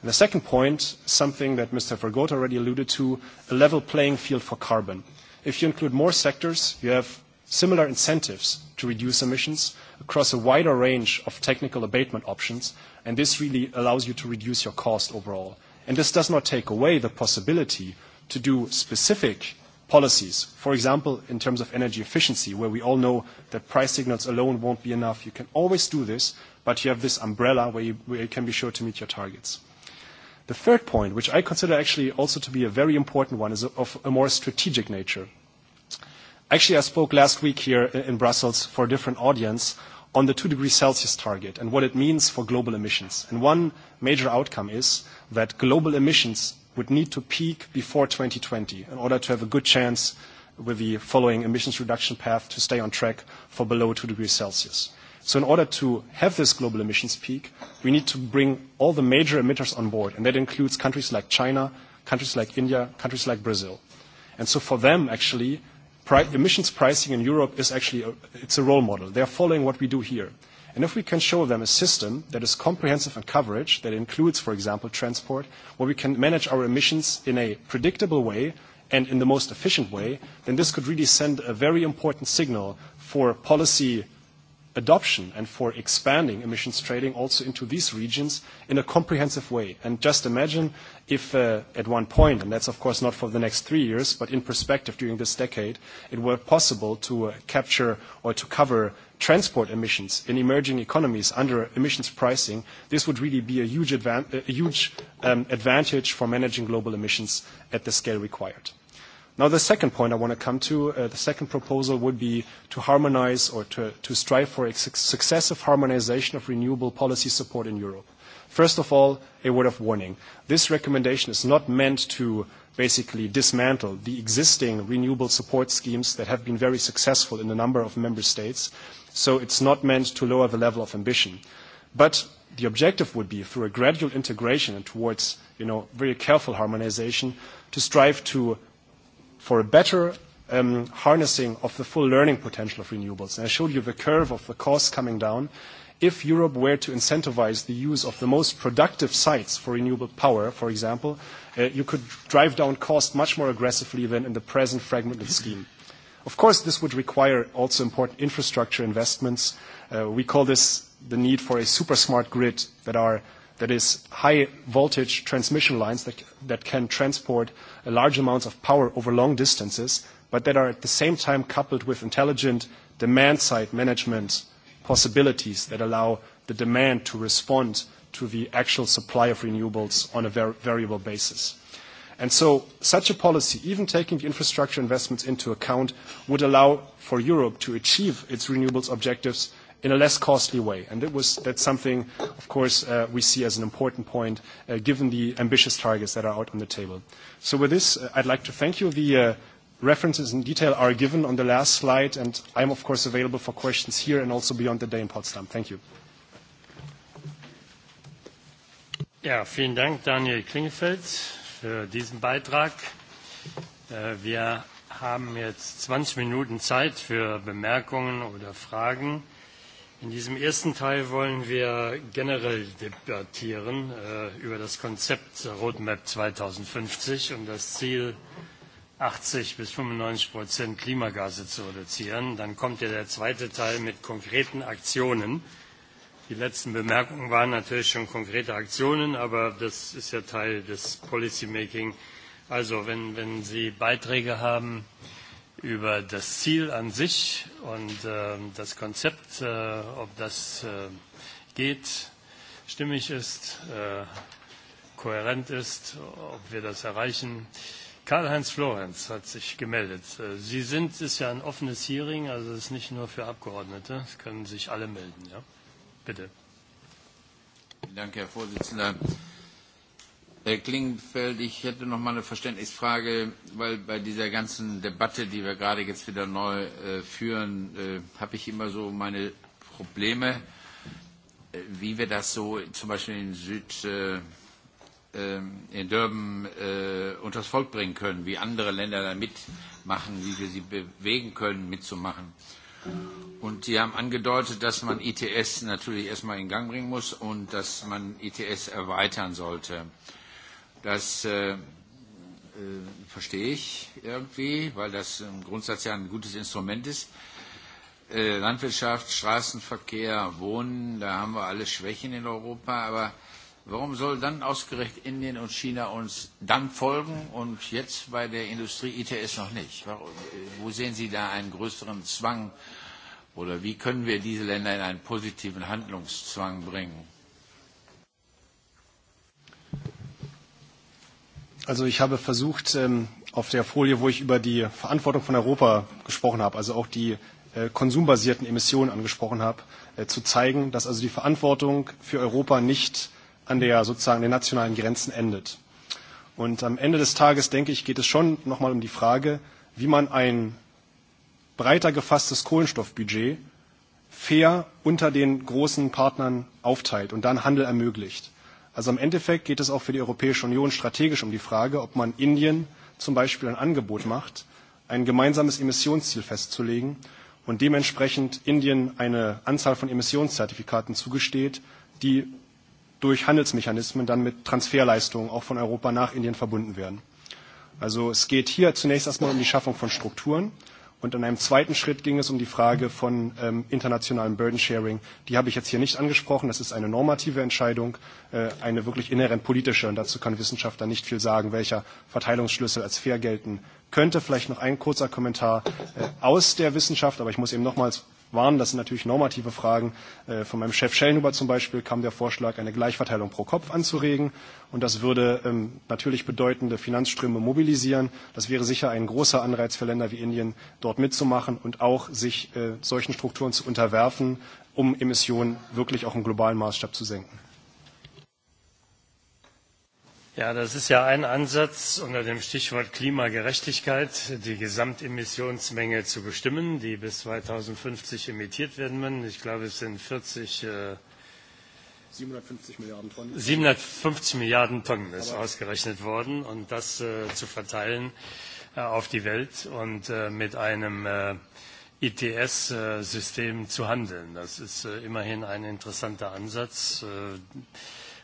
Speaker 5: And the second point, something that Mr. Vergote already alluded to, a level playing field for carbon. If you include more sectors, you have similar incentives to reduce emissions across a wider range of technical abatement options, and this really allows you to reduce your cost overall. And this does not take away the possibility to do specific policies, for example, in terms of energy efficiency, where we all know that price signals alone won't be enough. You can always do this, but you have this umbrella where you can be sure to meet your targets. The third point, which I consider actually also to be a very important one, is of a more strategic nature. Actually, I spoke last week here in Brussels for a different audience on the 2 degrees Celsius target and what it means for global emissions. And one major outcome is that global emissions would need to peak before 2020 in order to have a good chance with the following emissions reduction path to stay on track for below 2 degrees Celsius. So in order to have this global emissions peak, we need to bring all the major emitters on board, and that includes countries like China, countries like India, countries like Brazil. And so for them, actually, emissions pricing in Europe is actually it's a role model. They are following what we do here. And if we can show them a system that is comprehensive in coverage, that includes, for example, transport, where we can manage our emissions in a predictable way and in the most efficient way, then this could really send a very important signal for policy adoption and for expanding emissions trading also into these regions in a comprehensive way. And just imagine if at one point, and that's of course not for the next three years, but in perspective during this decade, it were possible to capture or to cover transport emissions in emerging economies under emissions pricing, this would really be a huge advantage for managing global emissions at the scale required. Now, the second point I want to come to, the second proposal would be to harmonize or to strive for a successive harmonization of renewable policy support in Europe. First of all, a word of warning. This recommendation is not meant to basically dismantle the existing renewable support schemes that have been very successful in a number of member states so it's not meant to lower the level of ambition. But the objective would be, through a gradual integration and towards very careful harmonisation, to strive for a better harnessing of the full learning potential of renewables. I showed you the curve of the costs coming down. If Europe were to incentivise the use of the most productive sites for renewable power, for example, you could drive down costs much more aggressively than in the present fragmented scheme. Of course, this would require also important infrastructure investments. We call this the need for a super smart grid that are that is high voltage transmission lines that can transport large amounts of power over long distances, but that are at the same time coupled with intelligent demand side management possibilities that allow the demand to respond to the actual supply of renewables on a variable basis. And so such a policy, even taking the infrastructure investments into account, would allow for Europe to achieve its renewables objectives in a less costly way. And that's something, of course, we see as an important point, given the ambitious targets that are out on the table. So with this, I'd like to thank you. The references in detail are given on the last slide, and I'm, of course, available for questions here and also beyond the day in Potsdam. Thank you.
Speaker 1: Ja, vielen Dank, Daniel Klingefeld für diesen Beitrag. Wir haben jetzt 20 Minuten Zeit für Bemerkungen oder Fragen. In diesem ersten Teil wollen wir generell debattieren über das Konzept Roadmap 2050 und das Ziel, 80 bis 95 Prozent Klimagase zu reduzieren. Dann kommt ja der zweite Teil mit konkreten Aktionen Die letzten Bemerkungen waren natürlich schon konkrete Aktionen, aber das ist ja Teil des Policymaking. Also wenn, wenn Sie Beiträge haben über das Ziel an sich und das Konzept, ob das geht, stimmig ist, kohärent ist, ob wir das erreichen. Karl-Heinz Florenz hat sich gemeldet. Sie sind, ist ja ein offenes Hearing, also es ist nicht nur für Abgeordnete, es können
Speaker 6: sich alle melden, ja. Bitte. Danke, Herr Vorsitzender. Herr Klingenfeld, ich hätte noch mal eine Verständnisfrage, weil bei dieser ganzen Debatte, die wir gerade jetzt wieder neu führen, habe ich immer so meine Probleme, wie wir das so zum Beispiel in Süd in Durban unters Volk bringen können, wie andere Länder da mitmachen, wie wir sie bewegen können, mitzumachen. Und Sie haben angedeutet, dass man ITS natürlich erstmal in Gang bringen muss und dass man ITS erweitern sollte. Das verstehe ich irgendwie, weil das im Grundsatz ja ein gutes Instrument ist. Landwirtschaft, Straßenverkehr, Wohnen, da haben wir alle Schwächen in Europa, aber warum soll dann ausgerechnet Indien und China uns dann folgen und jetzt bei der Industrie ITS noch nicht? Wo sehen Sie da einen größeren Zwang Oder wie können wir diese Länder in einen positiven Handlungszwang bringen?
Speaker 5: Also ich habe versucht, auf der Folie, wo ich über die Verantwortung von Europa gesprochen habe, also auch die konsumbasierten Emissionen angesprochen habe, zu zeigen, dass also die Verantwortung für Europa nicht an den nationalen Grenzen endet. Und am Ende des Tages, denke ich, geht es schon noch nochmal um die Frage, wie man ein breiter gefasstes Kohlenstoffbudget fair unter den großen Partnern aufteilt und dann Handel ermöglicht. Also im Endeffekt geht es auch für die Europäische Union strategisch um die Frage, ob man Indien zum Beispiel ein Angebot macht, ein gemeinsames Emissionsziel festzulegen und dementsprechend Indien eine Anzahl von Emissionszertifikaten zugesteht, die durch Handelsmechanismen dann mit Transferleistungen auch von Europa nach Indien verbunden werden. Also es geht hier zunächst erstmal um die Schaffung von Strukturen Und in einem zweiten Schritt ging es um die Frage von internationalem Burden Sharing. Die habe ich jetzt hier nicht angesprochen. Das ist eine normative Entscheidung, eine wirklich inhärent politische. Und dazu kann Wissenschaftler nicht viel sagen, welcher Verteilungsschlüssel als fair gelten könnte. Vielleicht noch ein kurzer Kommentar aus der Wissenschaft, aber ich muss eben nochmals waren. Das sind natürlich normative Fragen. Von meinem Chef Schellenhuber zum Beispiel kam der Vorschlag, eine Gleichverteilung pro Kopf anzuregen. Und das würde natürlich bedeutende Finanzströme mobilisieren. Das wäre sicher ein großer Anreiz für Länder wie Indien, dort mitzumachen und auch sich solchen Strukturen zu unterwerfen, um Emissionen wirklich auch im globalen Maßstab zu senken.
Speaker 1: Ja, das ist ja ein Ansatz, unter dem Stichwort Klimagerechtigkeit die Gesamtemissionsmenge zu bestimmen, die bis 2050 emittiert werden müssen. Ich glaube, es sind 40.
Speaker 5: 750 Milliarden Tonnen.
Speaker 1: 750 Milliarden Tonnen ist ausgerechnet worden und das zu verteilen auf die Welt und mit einem ITS-System zu handeln. Das ist immerhin ein interessanter Ansatz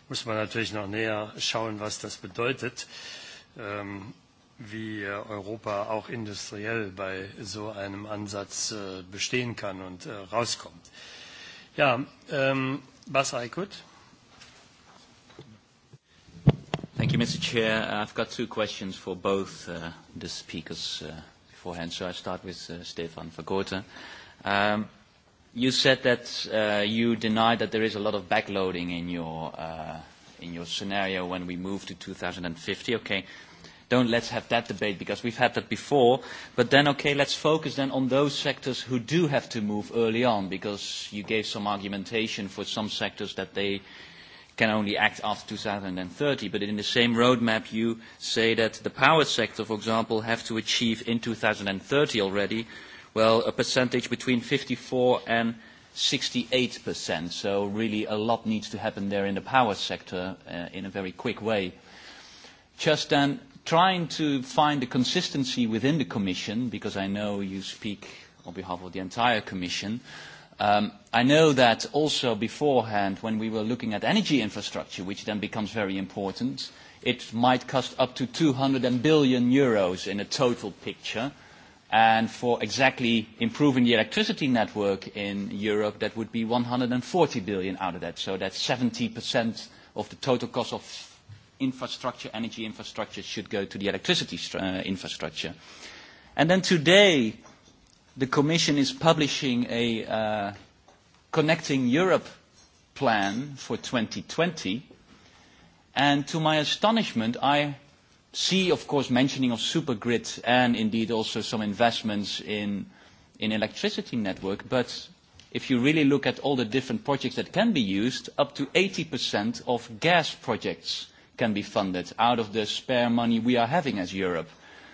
Speaker 1: muss man natürlich noch näher schauen, was das bedeutet, wie Europa auch industriell bei so einem Ansatz bestehen kann und rauskommt. Ja, Bas Aykut.
Speaker 7: Thank you, Mr. Chair. I've got two questions for both the speakers beforehand, so I start with Stefan Um, You said that you deny that there is a lot of backloading in your in your scenario when we move to 2050. Okay, don't let's have that debate because we've had that before. But then, okay, let's focus then on those sectors who do have to move early on because you gave some argumentation for some sectors that they can only act after 2030. But in the same roadmap, you say that the power sector, for example, have to achieve in 2030 already well, a percentage between 54 and 68%. So really a lot needs to happen there in the power sector in a very quick way. Just then, trying to find the consistency within the Commission, because I know you speak on behalf of the entire Commission. I know that also beforehand, when we were looking at energy infrastructure, which then becomes very important, it might cost up to 200 billion euros in a total picture and for exactly improving the electricity network in Europe, that would be 140 billion out of that. So that's 70% of the total cost of infrastructure, energy infrastructure, should go to the electricity infrastructure. And then today, the Commission is publishing a Connecting Europe plan for 2020. And to my astonishment, I see, of course, mentioning of supergrid and indeed also some investments in in electricity network, but if you really look at all the different projects that can be used, up to 80% of gas projects can be funded out of the spare money we are having as Europe.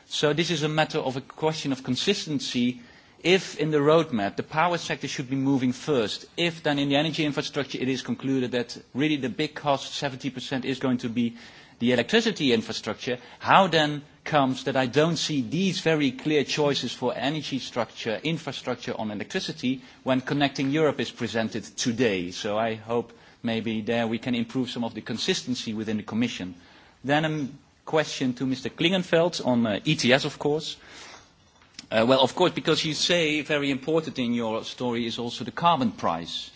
Speaker 7: So this is a matter of a question of consistency. If in the roadmap the power sector should be moving first, if then in the energy infrastructure it is concluded that really the big cost, 70%, is going to be the electricity infrastructure, how then comes that I don't see these very clear choices for energy structure, infrastructure on electricity when Connecting Europe is presented today. So I hope maybe there we can improve some of the consistency within the Commission. Then a question to Mr. Klingenfeld on ETS, of course. Well, of course, because you say very important in your story is also the carbon price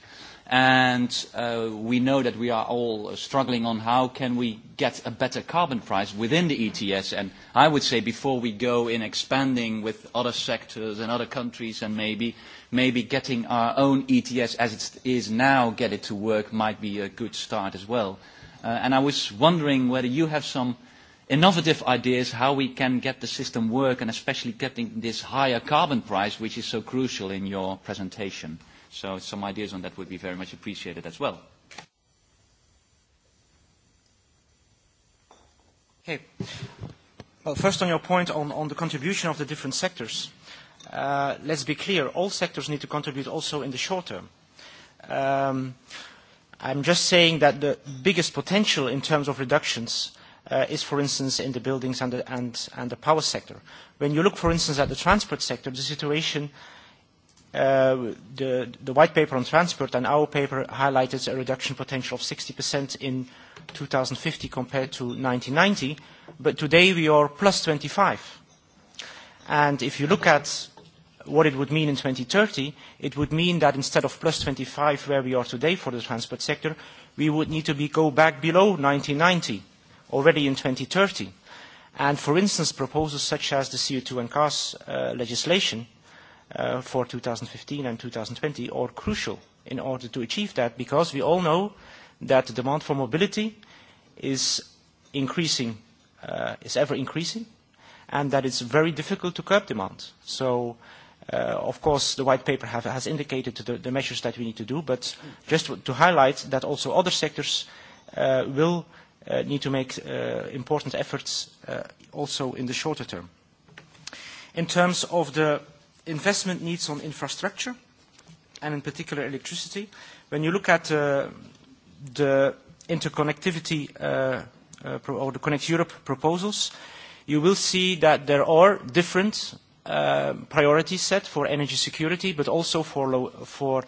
Speaker 7: and we know that we are all struggling on how can we get a better carbon price within the ETS and I would say before we go in expanding with other sectors and other countries and maybe maybe getting our own ETS as it is now get it to work might be a good start as well and I was wondering whether you have some innovative ideas how we can get the system work and especially getting this higher carbon price which is so crucial in your presentation So some ideas on that would be very much appreciated as well.
Speaker 2: Okay. Well, first on your point on, on the contribution of the different sectors. let's be clear, all sectors need to contribute also in the short term. Um, I'm just saying that the biggest potential in terms of reductions is, for instance, in the buildings and the, and, and the power sector. When you look, for instance, at the transport sector, the situation the white paper on transport and our paper highlighted a reduction potential of 60% in 2050 compared to 1990, but today we are plus 25. And if you look at what it would mean in 2030, it would mean that instead of plus 25 where we are today for the transport sector, we would need to go back below 1990 already in 2030. And for instance, proposals such as the CO2 and cars legislation for 2015 and 2020 are crucial in order to achieve that because we all know that the demand for mobility is increasing, is ever increasing, and that it's very difficult to curb demand. So, of course, the white paper has indicated the measures that we need to do, but just to highlight that also other sectors will need to make important efforts also in the shorter term. In terms of the investment needs on infrastructure, and in particular electricity. When you look at the interconnectivity or the Connect Europe proposals, you will see that there are different priorities set for energy security, but also for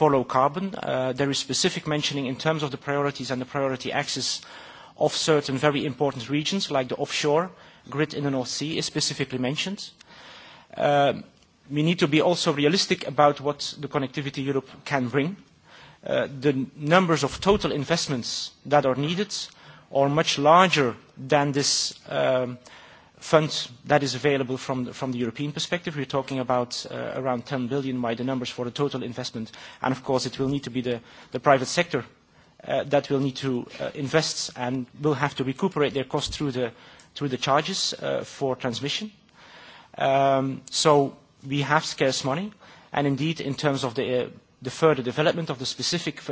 Speaker 2: low carbon. There is specific mentioning in terms of the priorities and the priority access of certain very important regions, like the offshore grid in the North Sea is specifically mentioned we need to be also realistic about what the Connectivity Europe can bring. The numbers of total investments that are needed are much larger than this fund that is available from the European perspective. We're talking about around 10 billion by the numbers for the total investment. And of course, it will need to be the private sector that will need to invest and will have to recuperate their costs through the charges for transmission. So we have scarce money, and indeed, in terms of the further development of the specific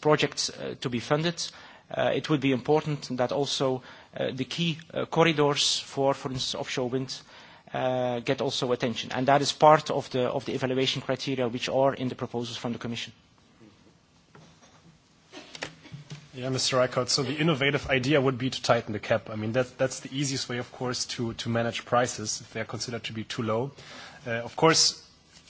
Speaker 2: projects to be funded, it would be important that also the key corridors for, for instance, offshore wind get also attention. And that is part of the evaluation criteria which are in the proposals from the Commission.
Speaker 5: Yeah, Mr. Reichert, so the innovative idea would be to tighten the cap. I mean, that's the easiest way, of course, to manage prices if they are considered to be too low. Of course,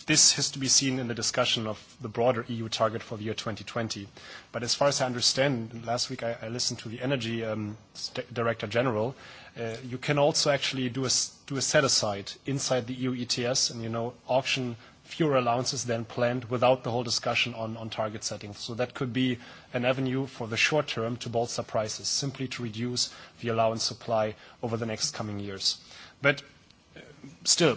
Speaker 5: this has to be seen in the discussion of the broader EU target for the year 2020. But as far as I understand, last week I listened to the Energy Director General, you can also actually do a set-aside inside the EU ETS and, you know, auction fewer allowances than planned without the whole discussion on target setting. So that could be an avenue for the short term to bolster prices, simply to reduce the allowance supply over the next coming years. But still,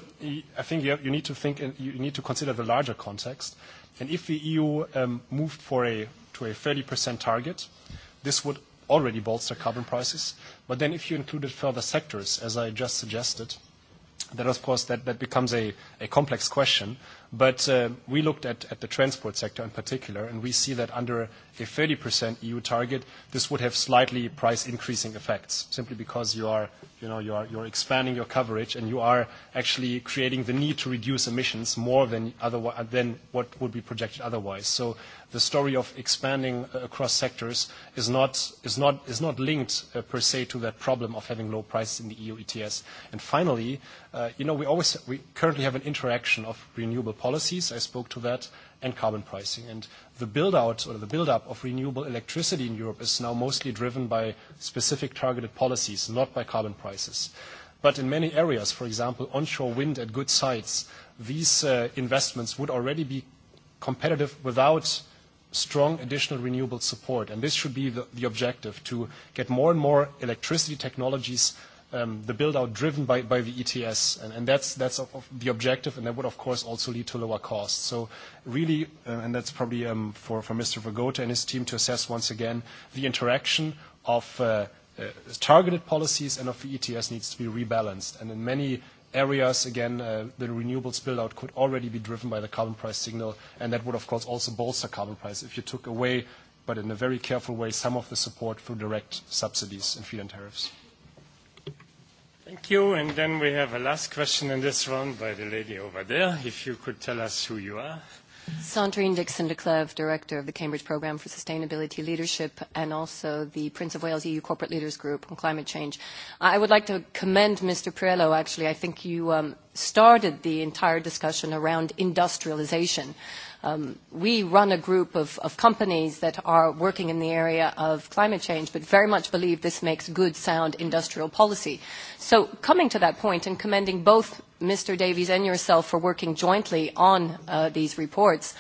Speaker 5: I think you need to think and you need to consider the larger context. And if the EU moved for a to a 30% target, this would already bolster carbon prices. But then if you included further sectors, as I just suggested, then of course that becomes a complex question But we looked at the transport sector in particular, and we see that under a 30% EU target, this would have slightly price-increasing effects, simply because you are, you know, you are expanding your coverage and you are actually creating the need to reduce emissions more than what would be projected otherwise. So the story of expanding across sectors is not linked per se to that problem of having low prices in the EU ETS. And finally, you know, we we currently have an interaction of renewable policies, I spoke to that, and carbon pricing. And the build-out or the build-up of renewable electricity in Europe is now mostly driven by specific targeted policies, not by carbon prices. But in many areas, for example, onshore wind at good sites, these investments would already be competitive without strong additional renewable support. And this should be the objective, to get more and more electricity technologies the build-out driven by the ETS. And that's the objective, and that would, of course, also lead to lower costs. So really, and that's probably for Mr. Vergote and his team to assess once again, the interaction of targeted policies and of the ETS needs to be rebalanced. And in many areas, again, the renewables build-out could already be driven by the carbon price signal, and that would, of course, also bolster carbon price if you took away, but in a very careful way, some of the support for direct subsidies and feed-in tariffs.
Speaker 1: Thank you. And then we have a last question in this round by the lady over there. If you could tell us who you are.
Speaker 8: Sandrine Dixon de Director of the Cambridge Programme for Sustainability Leadership and also the Prince of Wales EU Corporate Leaders Group on Climate Change. I would like to commend Mr. Perello, actually. I think you started the entire discussion around industrialization We run a group of companies that are working in the area of climate change, but very much believe this makes good, sound industrial policy. So coming to that point and commending both Mr. Davies and yourself for working jointly on these reports,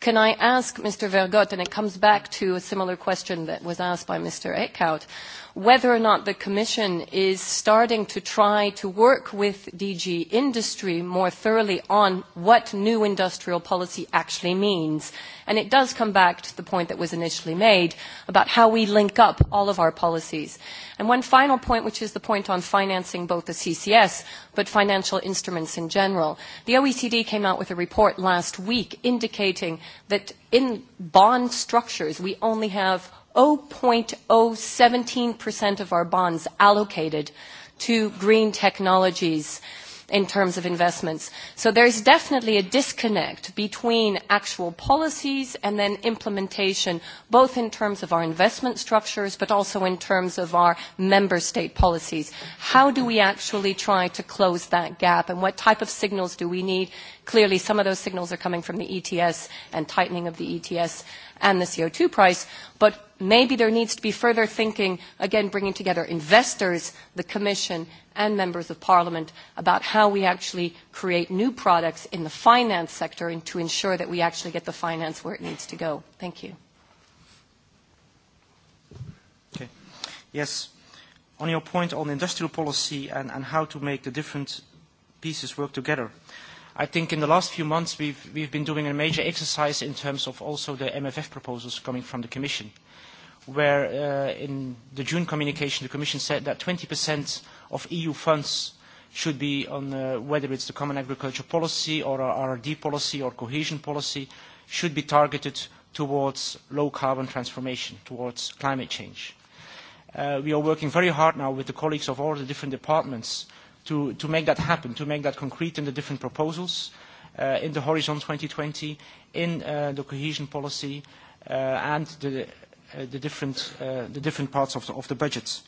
Speaker 8: can I ask Mr. Vergot, and it comes back to a similar question that was asked by Mr. Eckhout, whether or not the Commission is starting to try to work with DG Industry more thoroughly on what new industrial policy actually means. And it does come back to the point that was initially made about how we link up all of our policies. And one final point, which is the point on financing both the CCS but financial instruments in general. The OECD came out with a report last week indicating that in bond structures we only have 0.017% of our bonds allocated to green technologies in terms of investments. So there is definitely a disconnect between actual policies and then implementation, both in terms of our investment structures, but also in terms of our member state policies. How do we actually try to close that gap, and what type of signals do we need? Clearly, some of those signals are coming from the ETS and tightening of the ETS and the CO2 price, but Maybe there needs to be further thinking, again bringing together investors, the Commission and members of Parliament about how we actually create new products in the finance sector and to ensure that we actually get the finance where it needs to go. Thank you.
Speaker 2: Yes. On your point on industrial policy and how to make the different pieces work together. I think in the last few months we've been doing a major exercise in terms of also the MFF proposals coming from the Commission where in the June communication the Commission said that 20% of EU funds should be on whether it's the Common Agricultural Policy or our RD policy or cohesion policy, should be targeted towards low-carbon transformation, towards climate change. We are working very hard now with the colleagues of all the different departments to make that happen, to make that concrete in the different proposals, in the Horizon 2020, in the cohesion policy, and the the different parts of the budgets.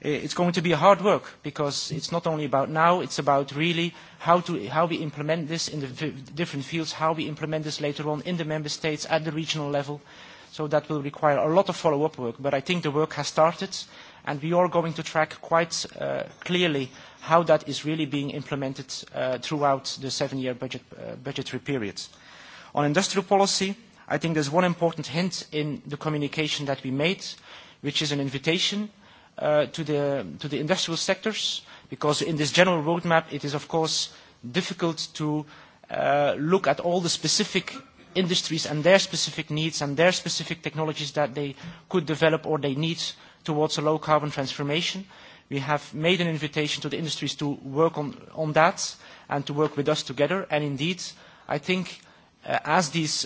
Speaker 2: It's going to be hard work because it's not only about now, it's about really how we implement this in the different fields, how we implement this later on in the member states at the regional level. So that will require a lot of follow-up work, but I think the work has started and we are going to track quite clearly how that is really being implemented throughout the seven-year budgetary period. On industrial policy, I think there's one important hint in the communication that we made, which is an invitation to the industrial sectors, because in this general roadmap it is of course difficult to look at all the specific industries and their specific needs and their specific technologies that they could develop or they need towards a low carbon transformation. We have made an invitation to the industries to work on that and to work with us together. And indeed, I think As these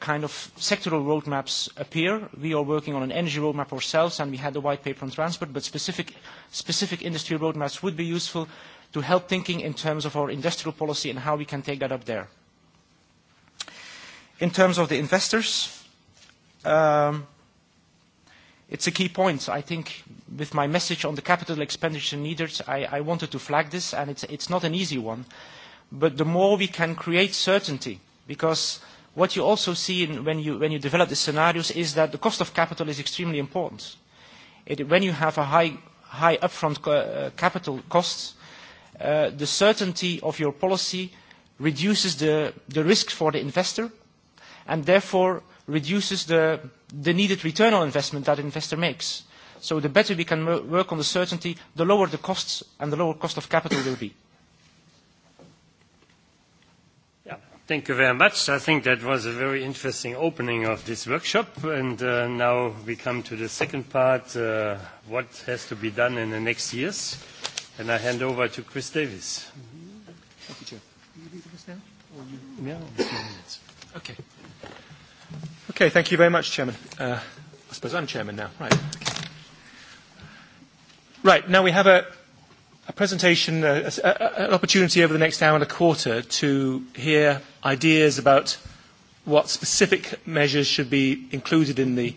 Speaker 2: kind of sectoral roadmaps appear, we are working on an energy roadmap ourselves, and we had the white paper on transport, but specific industry roadmaps would be useful to help thinking in terms of our industrial policy and how we can take that up there. In terms of the investors, it's a key point. I think with my message on the capital expenditure needed, I wanted to flag this, and it's not an easy one. But the more we can create certainty, because what you also see when you develop the scenarios is that the cost of capital is extremely important. When you have a high high upfront capital costs, the certainty of your policy reduces the the risk for the investor, and therefore reduces the the needed return on investment that investor makes. So the better we can work on the certainty, the lower the costs and the lower cost of capital will be. Thank
Speaker 1: you very much. I think that was a very interesting opening of this workshop. And now we come to the second part, what has to be done in the next years. And I hand over to Chris
Speaker 3: Davis. Thank you, Chair. Okay. Okay, thank you very much, Chairman. I suppose I'm Chairman now. Right. Right, now we have a a presentation, an opportunity over the next hour and a quarter to hear ideas about what specific measures should be included in the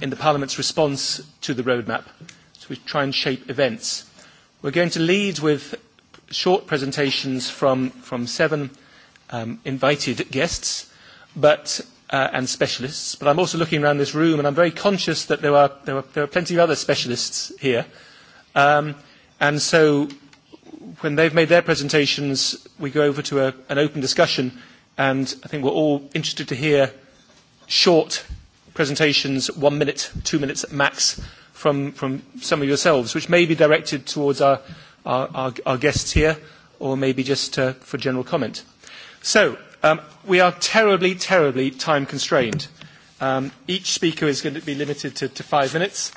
Speaker 3: in the Parliament's response to the roadmap so we try and shape events. We're going to lead with short presentations from from seven invited guests but and specialists. But I'm also looking around this room and I'm very conscious that there are there are plenty of other specialists here. Um And so when they've made their presentations, we go over to an open discussion, and I think we're all interested to hear short presentations, one minute, two minutes max, from some of yourselves, which may be directed towards our guests here, or maybe just for general comment. So we are terribly, terribly time constrained. Each speaker is going to be limited to five minutes,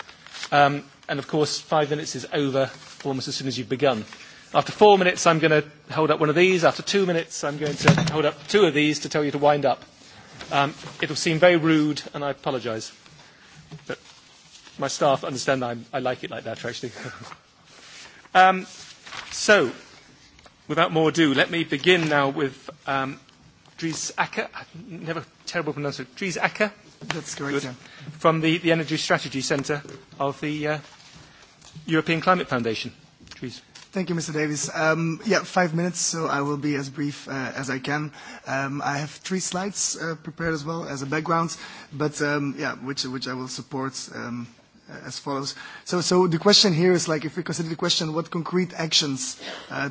Speaker 3: and of course five minutes is over almost as soon as you've begun. After four minutes, I'm going to hold up one of these. After two minutes, I'm going to hold up two of these to tell you to wind up. Um, it'll seem very rude, and I apologize. But my staff understand I, I like it like that, actually. um, so, without more ado, let me begin now with um, Dries Acker. Never terrible pronunciation. Dries Acker. That's correct, From the, the Energy Strategy Centre of the uh, European Climate Foundation. Please.
Speaker 9: Thank you, Mr. Davies. Yeah, five minutes, so I will be as brief as I can. I have three slides prepared as well as a background, but um yeah, which which I will support as follows. So so the question here is like if we consider the question what concrete actions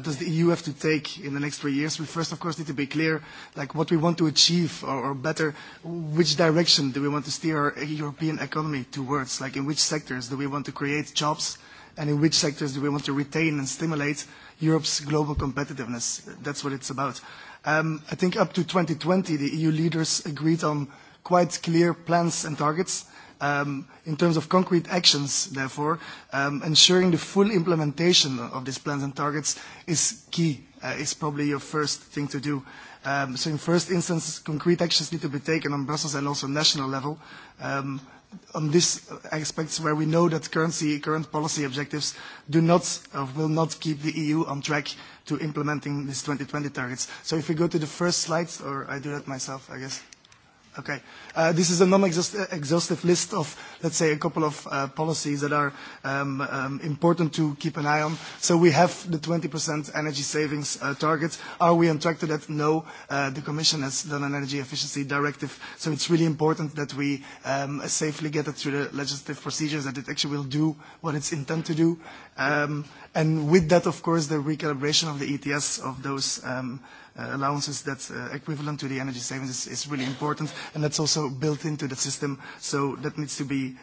Speaker 9: does the EU have to take in the next three years, we first of course need to be clear like what we want to achieve or better which direction do we want to steer our European economy towards, like in which sectors do we want to create jobs and in which sectors do we want to retain and stimulate Europe's global competitiveness. That's what it's about. I think up to 2020, the EU leaders agreed on quite clear plans and targets. In terms of concrete actions, therefore, ensuring the full implementation of these plans and targets is key, is probably your first thing to do. So in first instance, concrete actions need to be taken on Brussels and also national level on these aspects where we know that current policy objectives do not will not keep the EU on track to implementing these 2020 targets. So if we go to the first slide, or I do that myself, I guess. Okay. This is a non-exhaustive list of, let's say, a couple of policies that are important to keep an eye on. So we have the 20% energy savings target. Are we on track to that? No. The Commission has done an energy efficiency directive, so it's really important that we safely get it through the legislative procedures, that it actually will do what it's intended to do. And with that, of course, the recalibration of the ETS of those allowances that's equivalent to the energy savings is really important, and that's also built into the system, so that needs to be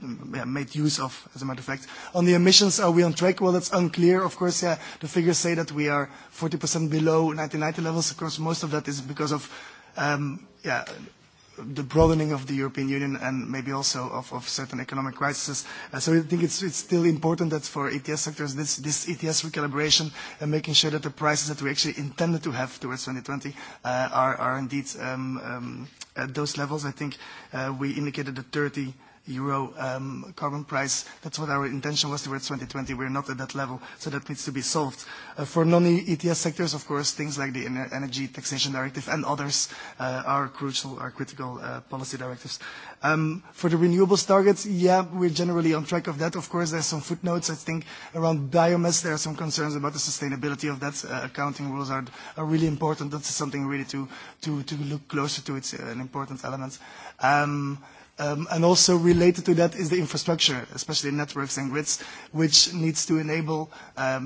Speaker 9: made use of, as a matter of fact. On the emissions, are we on track? Well, that's unclear. Of course, yeah, the figures say that we are 40% below 1990 levels. Of course, most of that is because of yeah, the broadening of the European Union and maybe also of, of certain economic crises. so I think it's, it's still important that for ETS sectors, this, this ETS recalibration and making sure that the prices that we actually intended to have towards 2020 are, are indeed um, at those levels. I think we indicated the 30 euro carbon price. That's what our intention was towards 2020. We're not at that level, so that needs to be solved. For non-ETS sectors, of course, things like the Energy Taxation Directive and others are crucial, are critical policy directives. For the renewables targets, yeah, we're generally on track of that. Of course, there's some footnotes, I think, around biomass. There are some concerns about the sustainability of that. Accounting rules are really important. That's something really to look closer to. It's an important element. And also related to that is the infrastructure, especially networks and grids, which needs to enable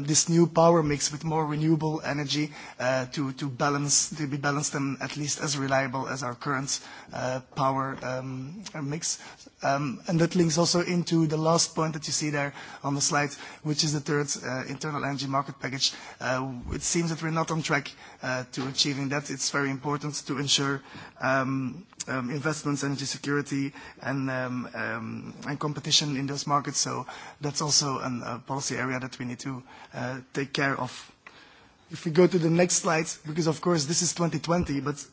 Speaker 9: this new power mix with more renewable energy to to balance to be balanced and at least as reliable as our current power mix. And that links also into the last point that you see there on the slide, which is the third internal energy market package. It seems that we're not on track to achieving that. It's very important to ensure investments, energy security, and competition in those markets. So that's also a policy area that we need to take care of. If we go to the next slide, because of course this is 2020, but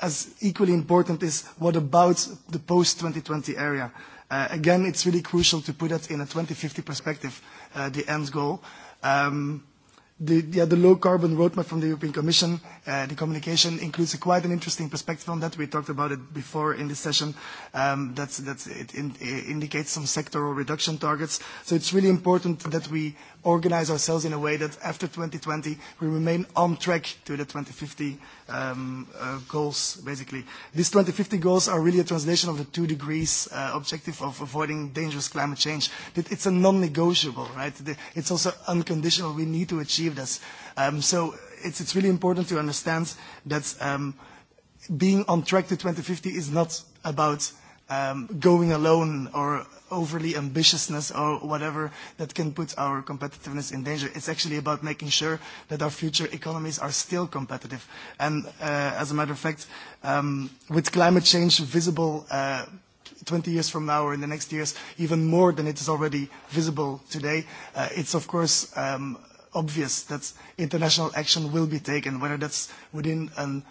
Speaker 9: as equally important is what about the post-2020 area? Again, it's really crucial to put it in a 2050 perspective, the end goal. Um The low carbon roadmap from the European Commission, the communication includes quite an interesting perspective on that. We talked about it before in this session. It indicates some sectoral reduction targets. So it's really important that we organize ourselves in a way that after 2020 we remain on track to the 2050 goals, basically. These 2050 goals are really a translation of the two degrees objective of avoiding dangerous climate change. It's a non-negotiable, right? It's also unconditional. We need to achieve So it's really important to understand that being on track to 2050 is not about going alone or overly ambitiousness or whatever that can put our competitiveness in danger. It's actually about making sure that our future economies are still competitive. And as a matter of fact, with climate change visible 20 years from now or in the next years, even more than it is already visible today, it's of course obvious that international action will be taken, whether that's within a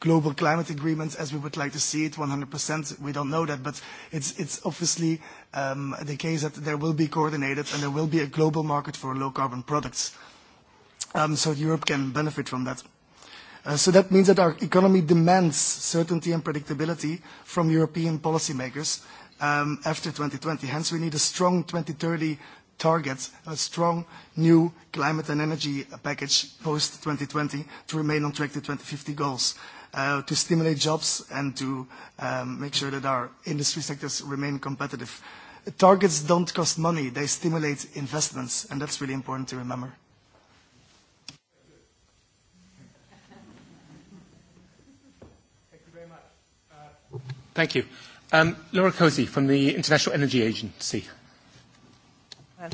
Speaker 9: global climate agreement as we would like to see it 100%. We don't know that, but it's obviously the case that there will be coordinated and there will be a global market for low-carbon products. So Europe can benefit from that. So that means that our economy demands certainty and predictability from European policymakers after 2020. Hence, we need a strong 2030 targets a strong new climate and energy package post-2020 to remain on track to 2050 goals, to stimulate jobs and to make sure that our industry sectors remain competitive. Targets don't cost money, they stimulate investments, and that's really important to remember.
Speaker 3: Thank you very much. Thank you. Laura Cozy from the International Energy Agency.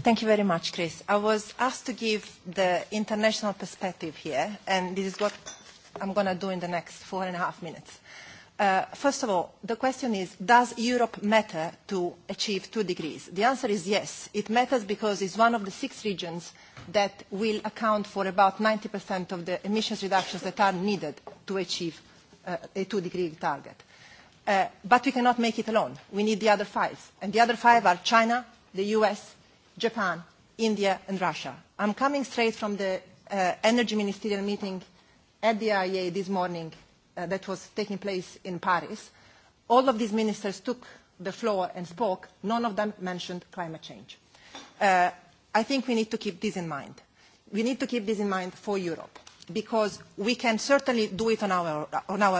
Speaker 10: Thank you very much, Chris. I was asked to give the international perspective here, and this is what I'm going to do in the next four and a half minutes. First of all, the question is, does Europe matter to achieve two degrees? The answer is yes. It matters because it's one of the six regions that will account for about 90% of the emissions reductions that are needed to achieve a two-degree target. But we cannot make it alone. We need the other five. And the other five are China, the U.S., Japan, India and Russia. I'm coming straight from the energy ministerial meeting at the IEA this morning that was taking place in Paris. All of these ministers took the floor and spoke. None of them mentioned climate change. I think we need to keep this in mind. We need to keep this in mind for Europe because we can certainly do it on our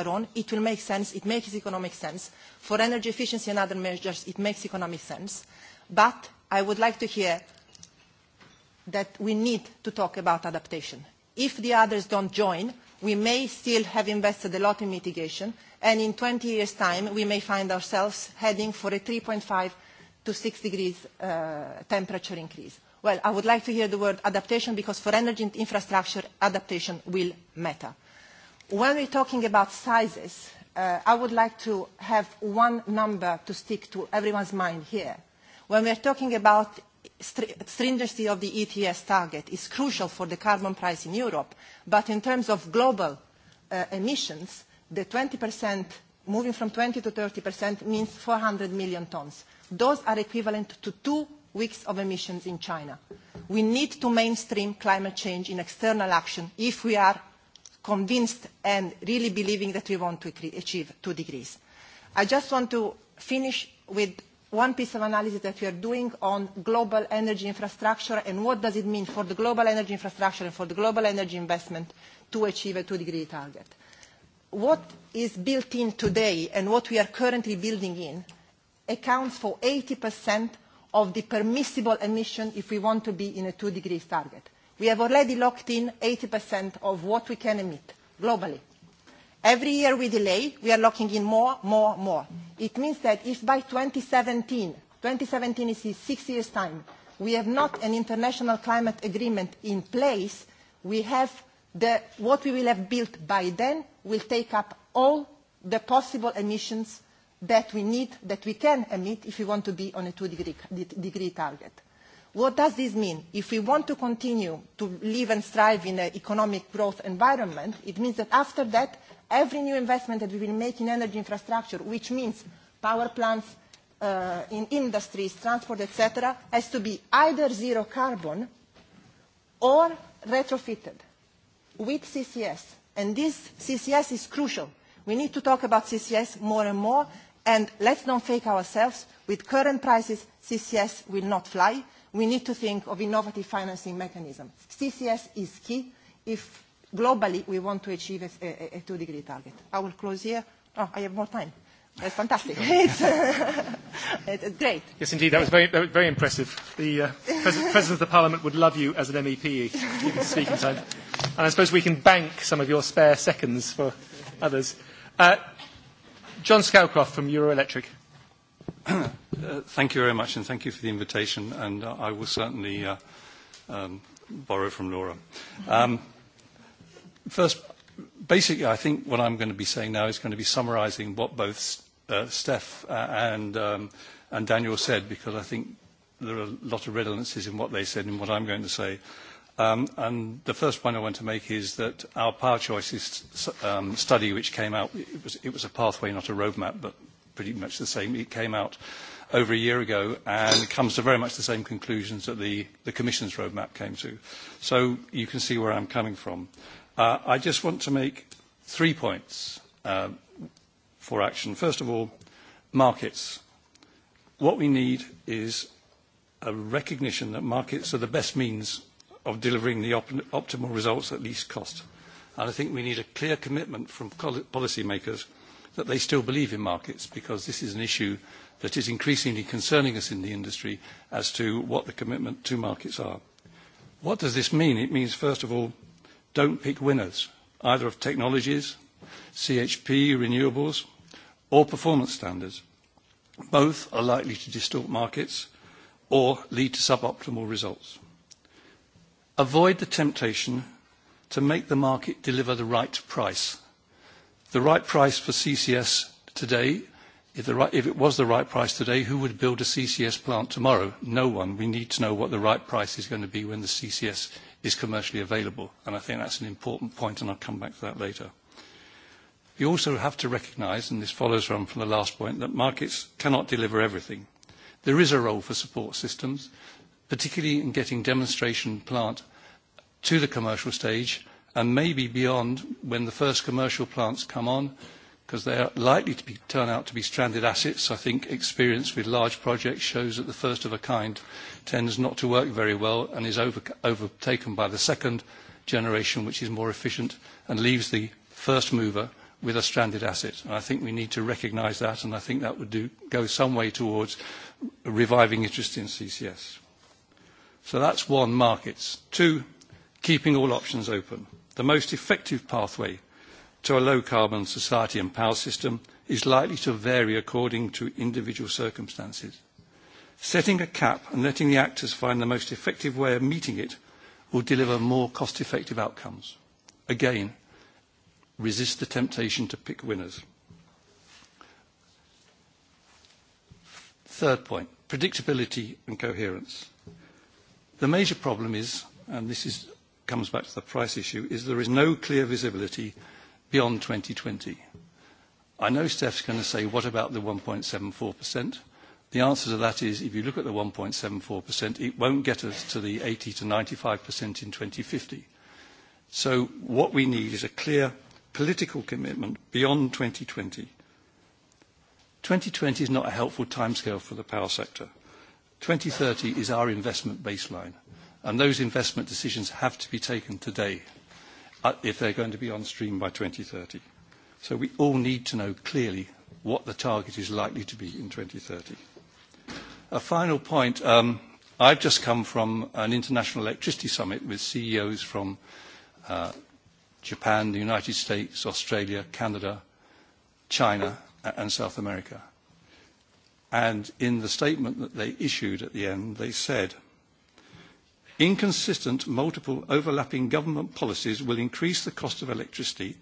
Speaker 10: own. It will make sense. It makes economic sense. For energy efficiency and other measures, it makes economic sense. But I would like to hear that we need to talk about adaptation. If the others don't join, we may still have invested a lot in mitigation, and in 20 years' time, we may find ourselves heading for a 3.5 to 6 degrees temperature increase. Well, I would like to hear the word adaptation because for energy infrastructure, adaptation will matter. When we're talking about sizes, I would like to have one number to stick to everyone's mind here When we are talking about stringency of the ETS target is crucial for the carbon price in Europe, but in terms of global emissions, the 20%, moving from 20 to 30% means 400 million tons. Those are equivalent to two weeks of emissions in China. We need to mainstream climate change in external action if we are convinced and really believing that we want to achieve two degrees. I just want to finish with one piece of analysis that we are doing on global energy infrastructure and what does it mean for the global energy infrastructure and for the global energy investment to achieve a two-degree target. What is built in today and what we are currently building in accounts for 80% of the permissible emission if we want to be in a two-degree target. We have already locked in 80% of what we can emit globally. Every year we delay, we are locking in more, more, more. It means that if by 2017, 2017 is six years' time, we have not an international climate agreement in place, we have the, what we will have built by then will take up all the possible emissions that we need, that we can emit if we want to be on a two-degree target. What does this mean? If we want to continue to live and strive in an economic growth environment, it means that after that every new investment that we will make in energy infrastructure, which means power plants, in industries, transport, etc., has to be either zero carbon or retrofitted with CCS. And this CCS is crucial. We need to talk about CCS more and more, and let's not fake ourselves. With current prices, CCS will not fly. We need to think of innovative financing mechanisms. CCS is key. If globally we want to achieve a two-degree target. I will close here. Oh, I have more time. That's fantastic. It's great.
Speaker 3: Yes, indeed. That was very, that was very impressive. The President of the Parliament would love you as an MEP if you time. And I suppose we can bank some of your spare seconds for others. John Scowcroft from Euroelectric. Thank you very
Speaker 11: much, and thank you for the invitation. And I will certainly um borrow from Laura. Um, First, basically, I think what I'm going to be saying now is going to be summarizing what both Steph and and Daniel said, because I think there are a lot of redundancies in what they said and what I'm going to say. And the first point I want to make is that our power choices study, which came out, it was a pathway, not a roadmap, but pretty much the same. It came out over a year ago and comes to very much the same conclusions that the Commission's roadmap came to. So you can see where I'm coming from. I just want to make three points for action. First of all, markets. What we need is a recognition that markets are the best means of delivering the optimal results at least cost. And I think we need a clear commitment from policymakers that they still believe in markets because this is an issue that is increasingly concerning us in the industry as to what the commitment to markets are. What does this mean? It means, first of all, don't pick winners, either of technologies, CHP, renewables, or performance standards. Both are likely to distort markets or lead to suboptimal results. Avoid the temptation to make the market deliver the right price. The right price for CCS today, if it was the right price today, who would build a CCS plant tomorrow? No one. We need to know what the right price is going to be when the CCS is commercially available. And I think that's an important point, and I'll come back to that later. You also have to recognise and this follows from the last point, that markets cannot deliver everything. There is a role for support systems, particularly in getting demonstration plant to the commercial stage and maybe beyond when the first commercial plants come on because they are likely to turn out to be stranded assets. I think experience with large projects shows that the first of a kind tends not to work very well and is overtaken by the second generation, which is more efficient and leaves the first mover with a stranded asset. I think we need to recognise that, and I think that would go some way towards reviving interest in CCS. So that's one, markets. Two, keeping all options open. The most effective pathway to a low-carbon society and power system is likely to vary according to individual circumstances. Setting a cap and letting the actors find the most effective way of meeting it will deliver more cost-effective outcomes. Again, resist the temptation to pick winners. Third point, predictability and coherence. The major problem is, and this comes back to the price issue, is there is no clear visibility beyond 2020. I know Steph's going to say, what about the 1.74%? The answer to that is, if you look at the 1.74%, it won't get us to the 80 to 95% in 2050. So what we need is a clear political commitment beyond 2020. 2020 is not a helpful timescale for the power sector. 2030 is our investment baseline, and those investment decisions have to be taken today if they're going to be on stream by 2030. So we all need to know clearly what the target is likely to be in 2030. A final point, I've just come from an international electricity summit with CEOs from Japan, the United States, Australia, Canada, China and South America. And in the statement that they issued at the end, they said Inconsistent, multiple, overlapping government policies will increase the cost of electricity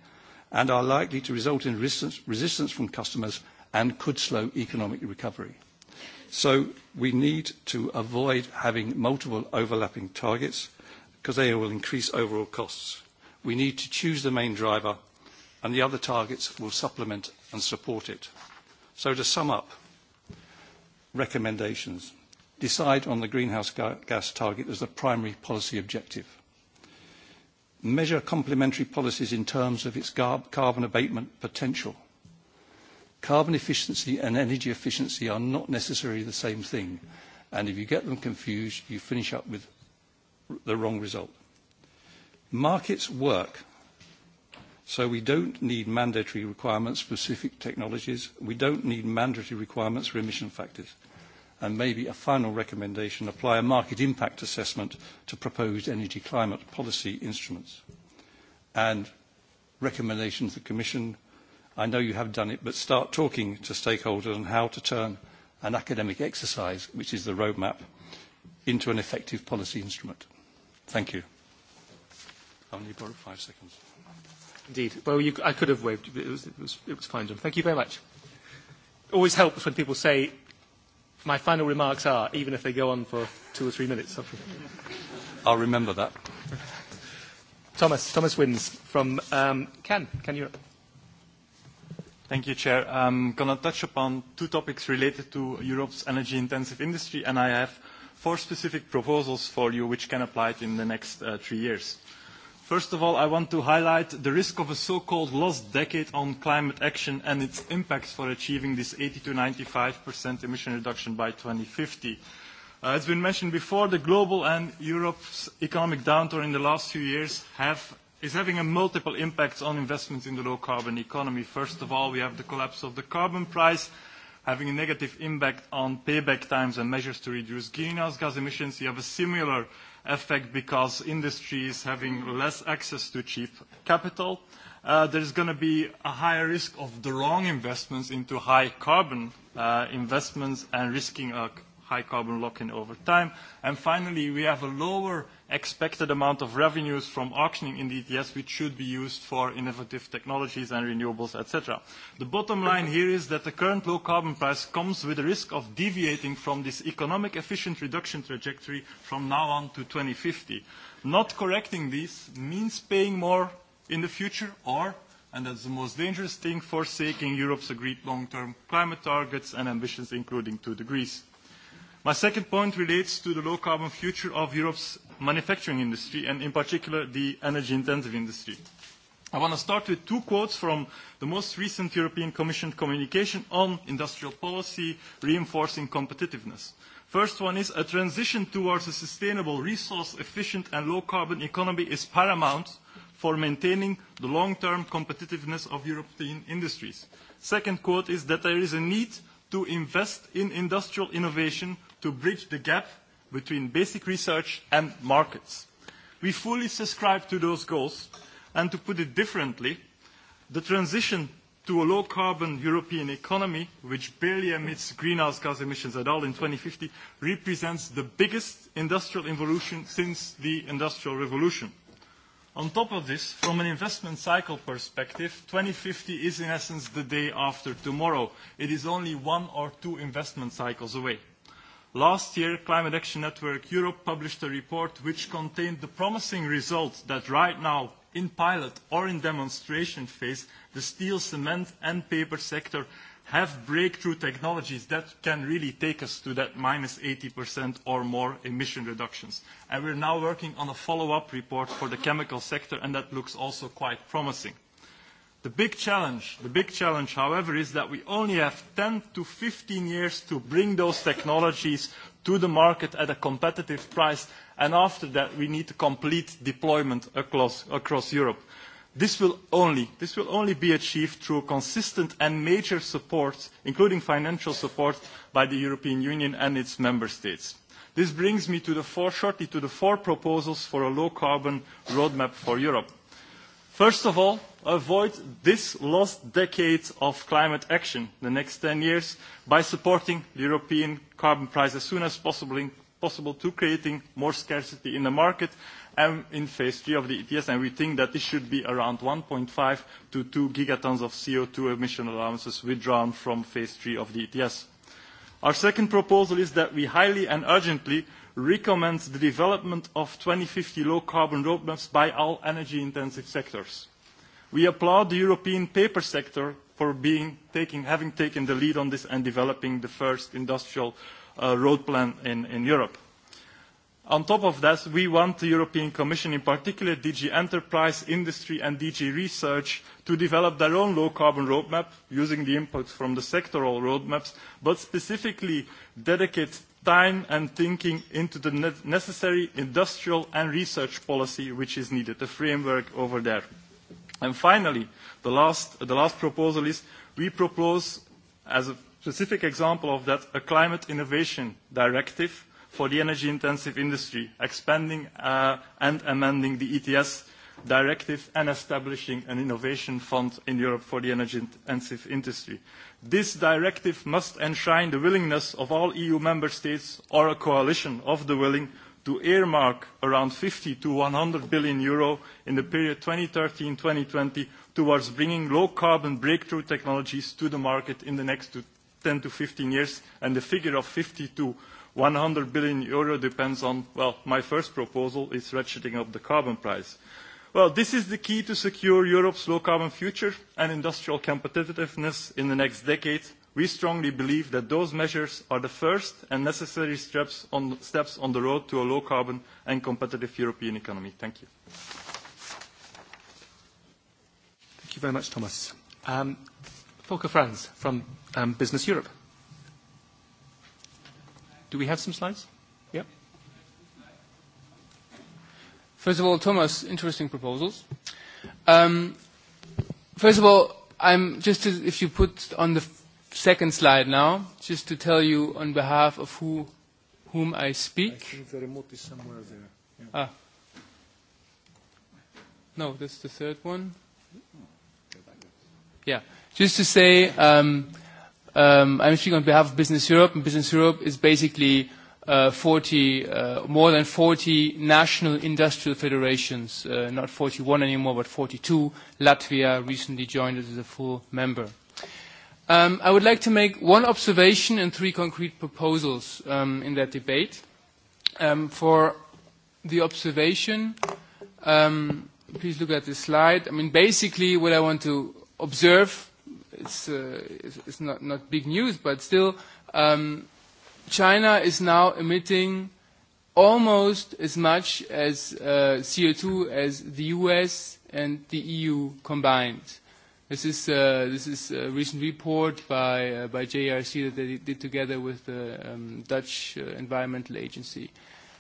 Speaker 11: and are likely to result in resistance from customers and could slow economic recovery. So we need to avoid having multiple overlapping targets because they will increase overall costs. We need to choose the main driver and the other targets will supplement and support it. So to sum up, recommendations decide on the greenhouse gas target as the primary policy objective, measure complementary policies in terms of its carbon abatement potential. Carbon efficiency and energy efficiency are not necessarily the same thing, and if you get them confused, you finish up with the wrong result. Markets work, so we don't need mandatory requirements for specific technologies. We don't need mandatory requirements for emission factors and maybe a final recommendation, apply a market impact assessment to proposed energy climate policy instruments. And recommendations to the Commission, I know you have done it, but start talking to stakeholders on how to turn an academic exercise, which is the roadmap, into an effective policy instrument. Thank you.
Speaker 3: only borrowed five seconds. Indeed. Well, you, I could have waved. It was, it, was, fine, Thank you very much. Always helps when people say my final remarks are, even if they go on for two or three minutes. I'll remember that. Thomas, Thomas Wins from um, Can Europe.
Speaker 12: Thank you, Chair. I'm going to touch upon two topics related to Europe's energy-intensive industry, and I have four specific proposals for you which can apply in the next three years. First of all, I want to highlight the risk of a so-called lost decade on climate action and its impacts for achieving this 80 to 95% emission reduction by 2050. As been mentioned before, the global and Europe's economic downturn in the last few years is having a multiple impacts on investments in the low-carbon economy. First of all, we have the collapse of the carbon price, having a negative impact on payback times and measures to reduce greenhouse gas emissions. You have a similar effect because industry is having less access to cheap capital. there is going to be a higher risk of the wrong investments into high carbon investments and risking a high carbon lock-in over time. And finally, we have a lower expected amount of revenues from auctioning in the ETS, which should be used for innovative technologies and renewables, etc. The bottom line here is that the current low carbon price comes with a risk of deviating from this economic efficient reduction trajectory from now on to 2050. Not correcting this means paying more in the future or, and that's the most dangerous thing, forsaking Europe's agreed long-term climate targets and ambitions, including 2 degrees. My second point relates to the low-carbon future of Europe's manufacturing industry, and in particular the energy-intensive industry. I want to start with two quotes from the most recent European Commission communication on industrial policy reinforcing competitiveness. First one is, a transition towards a sustainable, resource-efficient and low-carbon economy is paramount for maintaining the long-term competitiveness of European industries. Second quote is that there is a need to invest in industrial innovation to bridge the gap between basic research and markets. We fully subscribe to those goals, and to put it differently, the transition to a low-carbon European economy, which barely emits greenhouse gas emissions at all in 2050, represents the biggest industrial evolution since the Industrial Revolution. On top of this, from an investment cycle perspective, 2050 is in essence the day after tomorrow. It is only one or two investment cycles away. Last year, Climate Action Network Europe published a report which contained the promising results that right now, in pilot or in demonstration phase, the steel, cement and paper sector have breakthrough technologies that can really take us to that minus 80% or more emission reductions. And are now working on a follow-up report for the chemical sector, and that looks also quite promising. The big challenge, the big challenge, however, is that we only have 10 to 15 years to bring those technologies to the market at a competitive price, and after that we need to complete deployment across Europe. This will only be achieved through consistent and major support, including financial support, by the European Union and its member states. This brings me to the shortly to the four proposals for a low-carbon roadmap for Europe. First of all, avoid this lost decade of climate action, the next 10 years, by supporting the European carbon price as soon as possible to creating more scarcity in the market and in phase three of the ETS, and we think that this should be around 1.5 to 2 gigatons of CO2 emission allowances withdrawn from phase three of the ETS. Our second proposal is that we highly and urgently recommend the development of 2050 low-carbon roadmaps by all energy-intensive sectors. We applaud the European paper sector for having taken the lead on this and developing the first industrial road plan in Europe. On top of that, we want the European Commission, in particular DG Enterprise, Industry and DG Research, to develop their own low-carbon roadmap using the inputs from the sectoral roadmaps, but specifically dedicate time and thinking into the necessary industrial and research policy which is needed, the framework over there. And finally, the last proposal is we propose, as a specific example of that, a climate innovation directive for the energy-intensive industry, expanding and amending the ETS directive and establishing an innovation fund in Europe for the energy-intensive industry. This directive must enshrine the willingness of all EU member states or a coalition of the willing to earmark around EUR 50 to 100 billion in the period 2013-2020 towards bringing low-carbon breakthrough technologies to the market in the next 10 to 15 years, and the figure of 50 to 100 billion depends on, well, my first proposal is ratcheting up the carbon price. Well, this is the key to secure Europe's low-carbon future and industrial competitiveness in the next decade, We strongly believe that those measures are the first and necessary steps on the road to a low-carbon and competitive European economy. Thank you.
Speaker 3: Thank you very much, Thomas. Volker Franz from Business Europe. Do we have some slides? Yep. First of all, Thomas, interesting
Speaker 13: proposals. First of all, I'm just if you put on the second slide now, just to tell you on behalf of who whom I speak. the remote is somewhere there. Ah. No, that's the third one. Yeah. Just to say, um, um, I'm speaking on behalf of Business Europe, and Business Europe is basically 40, more than 40 national industrial federations, not 41 anymore, but 42. Latvia recently joined us as a full member. I would like to make one observation and three concrete proposals in that debate. For the observation, please look at this slide. I mean, basically, what I want to observe, it's not not big news, but still, China is now emitting almost as much as CO2 as the U.S. and the EU combined. This is a recent report by JRC that they did together with the Dutch Environmental Agency.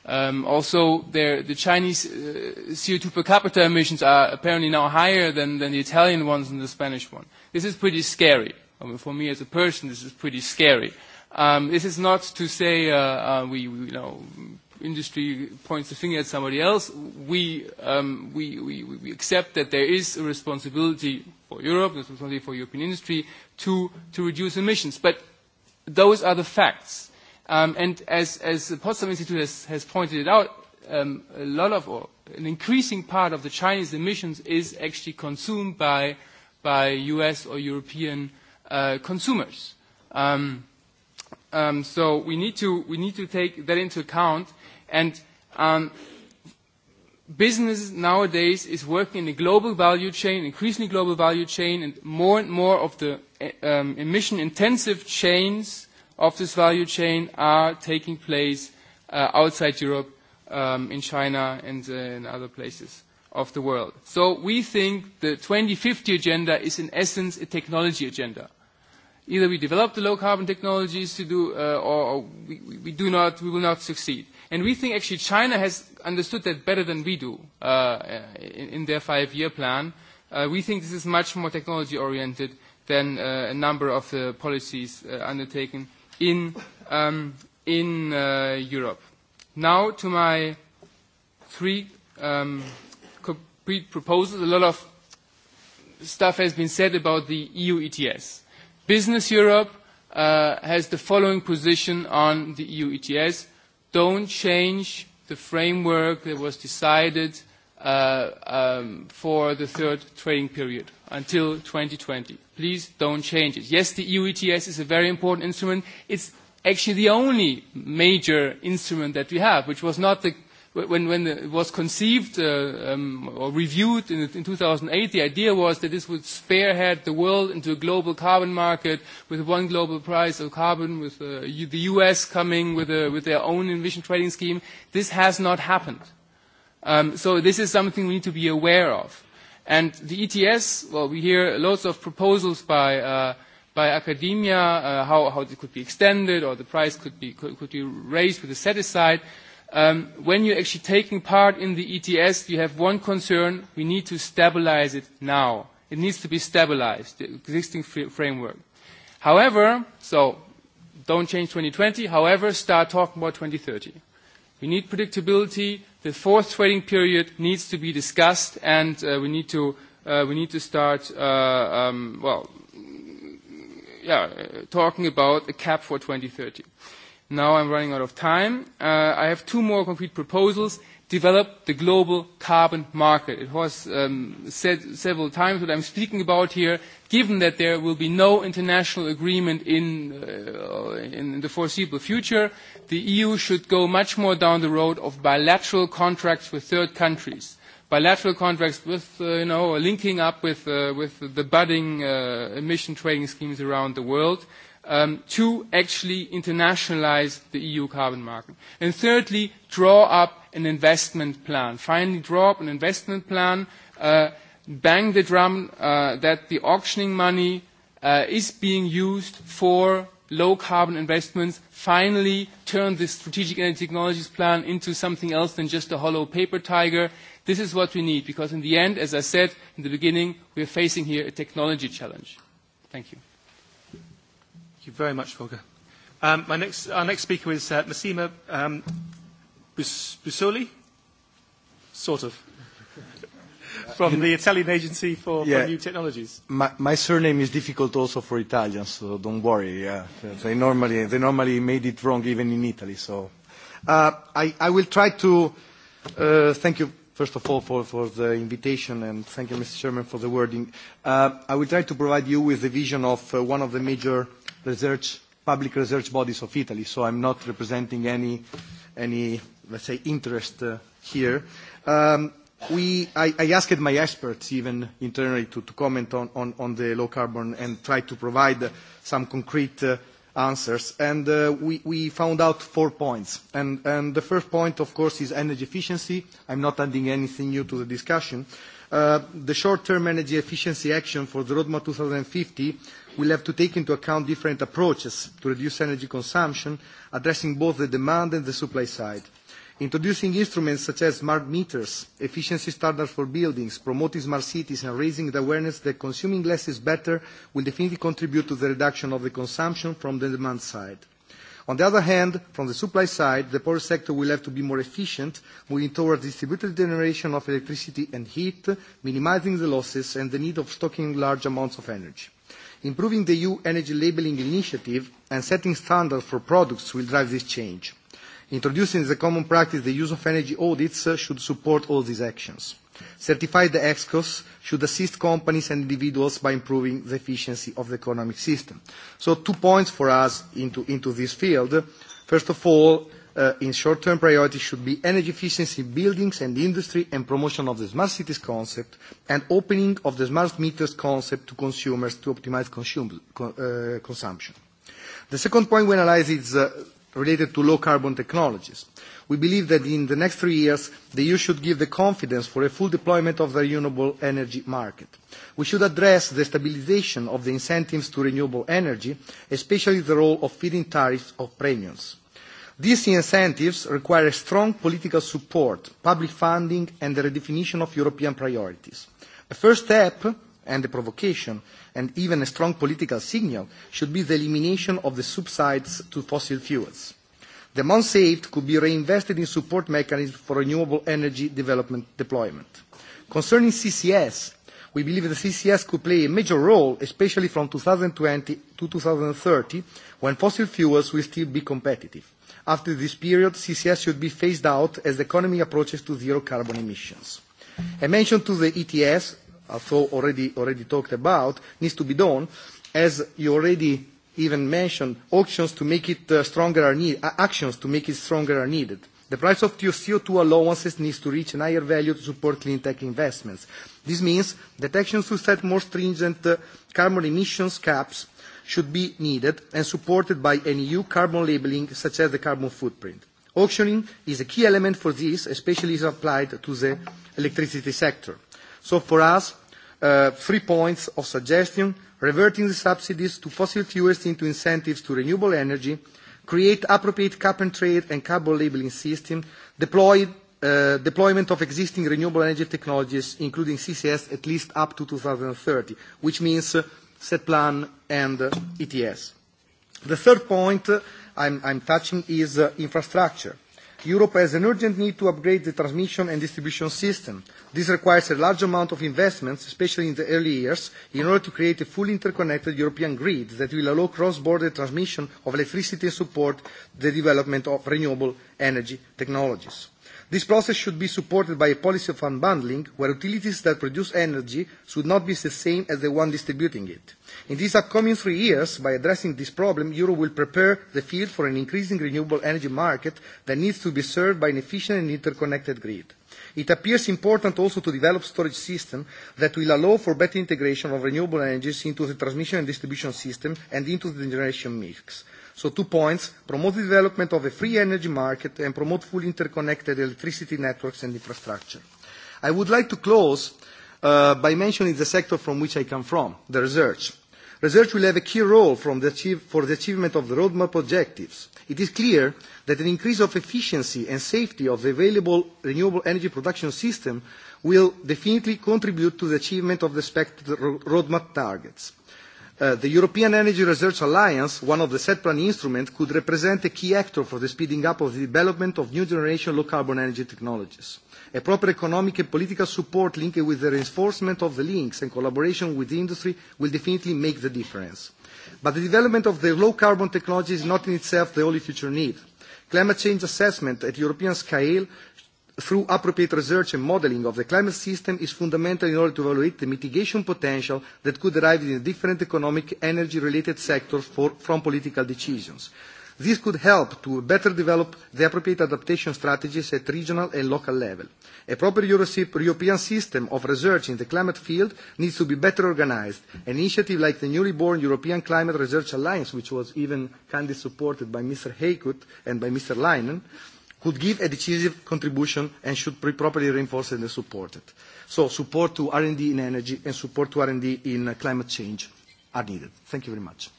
Speaker 13: Also, the Chinese CO2 per capita emissions are apparently now higher than the Italian ones and the Spanish one. This is pretty scary. For me as a person, this is pretty scary. This is not to say we, you know industry points the finger at somebody else. We we we accept that there is a responsibility for Europe, a responsibility for European industry to to reduce emissions. But those are the facts. And as as the Potsdam Institute has pointed out, a lot of or an increasing part of the Chinese emissions is actually consumed by by U.S. or European consumers. So we need to we need to take that into account And business nowadays is working in a global value chain, increasingly global value chain, and more and more of the emission-intensive chains of this value chain are taking place outside Europe, in China and in other places of the world. So we think the 2050 agenda is in essence a technology agenda. Either we develop the low carbon technologies to do, or we do not, we will not succeed. And we think actually China has understood that better than we do in their five-year plan. We think this is much more technology-oriented than a number of the policies undertaken in Europe. Now to my three concrete proposals. A lot of stuff has been said about the EU ETS. Business Europe has the following position on the EU ETS don't change the framework that was decided for the third trading period until 2020. Please don't change it. Yes, the EU ETS is a very important instrument. It's actually the only major instrument that we have, which was not the When when it was conceived or reviewed in 2008, the idea was that this would spearhead the world into a global carbon market with one global price of carbon, with the U.S. coming with with their own emission trading scheme. This has not happened. So this is something we need to be aware of. And the ETS, well, we hear lots of proposals by by academia how how it could be extended or the price could be could be raised with a set aside. When are actually taking part in the ETS, you have one concern. We need to stabilize it now. It needs to be stabilized, the existing framework. However, so don't change 2020. However, start talking about 2030. We need predictability. The fourth trading period needs to be discussed, and we need to we need to start well, yeah, talking about a cap for 2030. Now I'm running out of time. I have two more concrete proposals. Develop the global carbon market. It was said several times what I'm speaking about here. Given that there will be no international agreement in the foreseeable future, the EU should go much more down the road of bilateral contracts with third countries bilateral contracts with, you know, linking up with the budding emission trading schemes around the world to actually internationalize the EU carbon market. And thirdly, draw up an investment plan. Finally, draw up an investment plan, bang the drum that the auctioning money is being used for low carbon investments, finally turn the strategic energy technologies plan into something else than just a hollow paper tiger. This is what we need, because in the end, as I said in the beginning, we are facing here a technology challenge. Thank you
Speaker 3: you very much, Volga. my next, our next speaker is uh, Massima Busoli, sort of, from the Italian Agency for, New Technologies.
Speaker 14: My, my surname is difficult also for Italians, so don't worry. They, normally, made it wrong even in Italy. So uh, I, I will try to thank you first of all for, for the invitation and thank you, Mr. Chairman, for the wording. I will try to provide you with the vision of one of the major research, public research bodies of Italy, so I'm not representing any, any let's say, interest here. I asked my experts even internally to comment on the low carbon and try to provide some concrete answers. And we found out four points. And the first point, of course, is energy efficiency. I'm not adding anything new to the discussion. The short-term energy efficiency action for the Roadmap 2050 will have to take into account different approaches to reduce energy consumption, addressing both the demand and the supply side. Introducing instruments such as smart meters, efficiency standards for buildings, promoting smart cities and raising the awareness that consuming less is better will definitely contribute to the reduction of the consumption from the demand side. On the other hand, from the supply side, the power sector will have to be more efficient, moving towards distributed generation of electricity and heat, minimizing the losses and the need of stocking large amounts of energy. Improving the EU energy labelling initiative and setting standards for products will drive this change. Introducing as a common practice the use of energy audits should support all these actions. Certified EXCOs should assist companies and individuals by improving the efficiency of the economic system. So two points for us into this field. First of all, in short-term priority should be energy efficiency in buildings and industry and promotion of the smart cities concept and opening of the smart meters concept to consumers to optimize consumption. The second point we analyze is related to low-carbon technologies. We believe that in the next three years, the EU should give the confidence for a full deployment of the renewable energy market. We should address the stabilisation of the incentives to renewable energy, especially the role of feeding tariffs of premiums. These incentives require strong political support, public funding and the redefinition of European priorities. A first step and a provocation and even a strong political signal should be the elimination of the subsides to fossil fuels. The amount saved could be reinvested in support mechanisms for renewable energy development deployment. Concerning CCS, we believe that CCS could play a major role, especially from 2020 to 2030, when fossil fuels will still be competitive. After this period, CCS should be phased out as the economy approaches to zero carbon emissions. A mention to the ETS, although already already talked about, needs to be done, as you already even mentioned, auctions to make it stronger are needed, actions to make it stronger are needed. The price of CO2 allowances needs to reach a higher value to support clean tech investments. This means that actions to set more stringent carbon emissions caps should be needed and supported by an EU carbon labelling such as the carbon footprint. Auctioning is a key element for this, especially as applied to the electricity sector. So for us, three points of suggestion, reverting the subsidies to fossil fuels into incentives to renewable energy, create appropriate cap and trade and carbon labelling system, deployment of existing renewable energy technologies, including CCS, at least up to 2030, which means Set plan and ETS. The third point I'm touching is infrastructure. Europe has an urgent need to upgrade the transmission and distribution system. This requires a large amount of investments, especially in the early years, in order to create a fully interconnected European grid that will allow cross-border transmission of electricity and support the development of renewable energy technologies. This process should be supported by a policy of unbundling, where utilities that produce energy should not be the same as the one distributing it. In these upcoming three years, by addressing this problem, Europe will prepare the field for an increasing renewable energy market that needs to be served by an efficient and interconnected grid. It appears important also to develop storage systems that will allow for better integration of renewable energies into the transmission and distribution system and into the generation mix. So two points, promote the development of a free energy market and promote fully interconnected electricity networks and infrastructure. I would like to close by mentioning the sector from which I come from, the research. Research will have a key role for the achievement of the roadmap objectives. It is clear that an increase of efficiency and safety of the available renewable energy production system will definitely contribute to the achievement of the expected roadmap targets. The European Energy Research Alliance, one of the plan instruments, could represent a key actor for the speeding up of the development of new generation low-carbon energy technologies. A proper economic and political support linked with the reinforcement of the links and collaboration with the industry will definitely make the difference. But the development of the low-carbon technology is not in itself the only future need. Climate change assessment at European scale through appropriate research and modelling of the climate system is fundamental in order to evaluate the mitigation potential that could arrive in different economic energy related sectors from political decisions. This could help to better develop the appropriate adaptation strategies at regional and local level. A proper European system of research in the climate field needs to be better organised. An initiative like the newly born European Climate Research Alliance, which was even kindly supported by Mr. Haykut and by Mr. Leinen, could give a decisive contribution and should be properly reinforced and supported. So support to R&D in energy and support to R&D in climate change are needed. Thank you very much.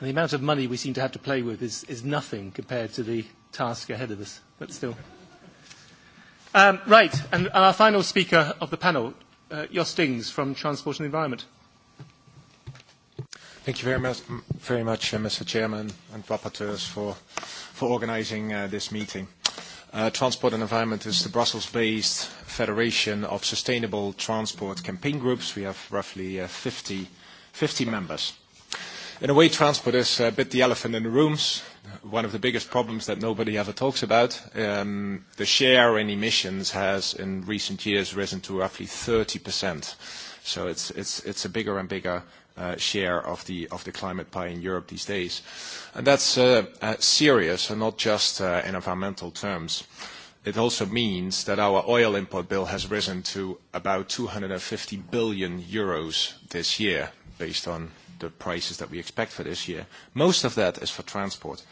Speaker 3: The amount of money we seem to have to play with is nothing compared to the task ahead of us, but still. Right, and our final speaker of the panel, Jos Stings from Transport and Environment.
Speaker 15: Thank you very much, very much Mr. Chairman and rapporteurs for for organising this meeting. Transport and Environment is the Brussels-based federation of sustainable transport campaign groups. We have roughly 50 members. In a way, transport is a bit the elephant in the rooms, one of the biggest problems that nobody ever talks about. The share in emissions has, in recent years, risen to roughly 30%. So it's a bigger and bigger share of the climate pie in Europe these days. And that's serious and not just in environmental terms. It also means that our oil import bill has risen to about 250 billion euros this year, based on the prices that we expect for this year. Most of that is for transport.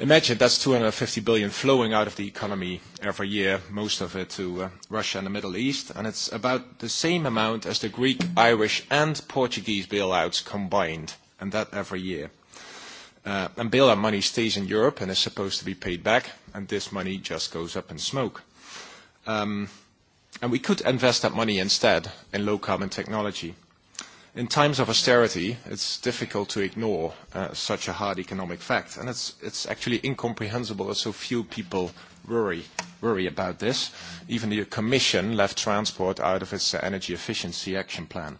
Speaker 15: Imagine that's 250 billion flowing out of the economy every year, most of it to Russia and the Middle East, and it's about the same amount as the Greek, Irish and Portuguese bailouts combined, and that every year. And bailout money stays in Europe and is supposed to be paid back, and this money just goes up in smoke. And we could invest that money instead in low-carbon technology. In times of austerity, it's difficult to ignore such a hard economic fact, and it's actually incomprehensible that so few people worry about this. Even the Commission left transport out of its energy efficiency action plan.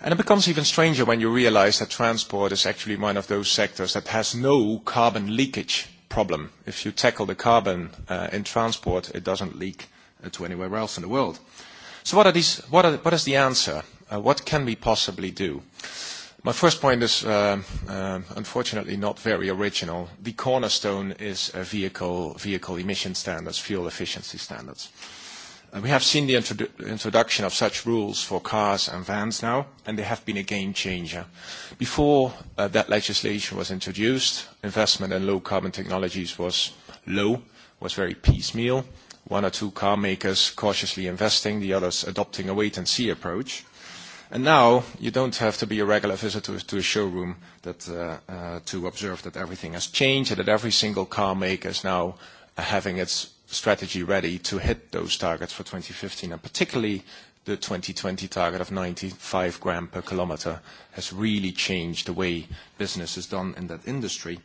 Speaker 15: And it becomes even stranger when you realize that transport is actually one of those sectors that has no carbon leakage problem. If you tackle the carbon in transport, it doesn't leak to anywhere else in the world. So what is the answer? what can we possibly do? My first point is unfortunately not very original. The cornerstone is vehicle emission standards, fuel efficiency standards. We have seen the introduction of such rules for cars and vans now, and they have been a game changer. Before that legislation was introduced, investment in low carbon technologies was low, was very piecemeal. One or two car makers cautiously investing, the others adopting a wait-and-see approach. And now you don't have to be a regular visitor to a showroom to observe that everything has changed and that every single car maker is now having its strategy ready to hit those targets for 2015. And particularly the 2020 target of 95 gram per kilometer has really changed the way business is done in that industry.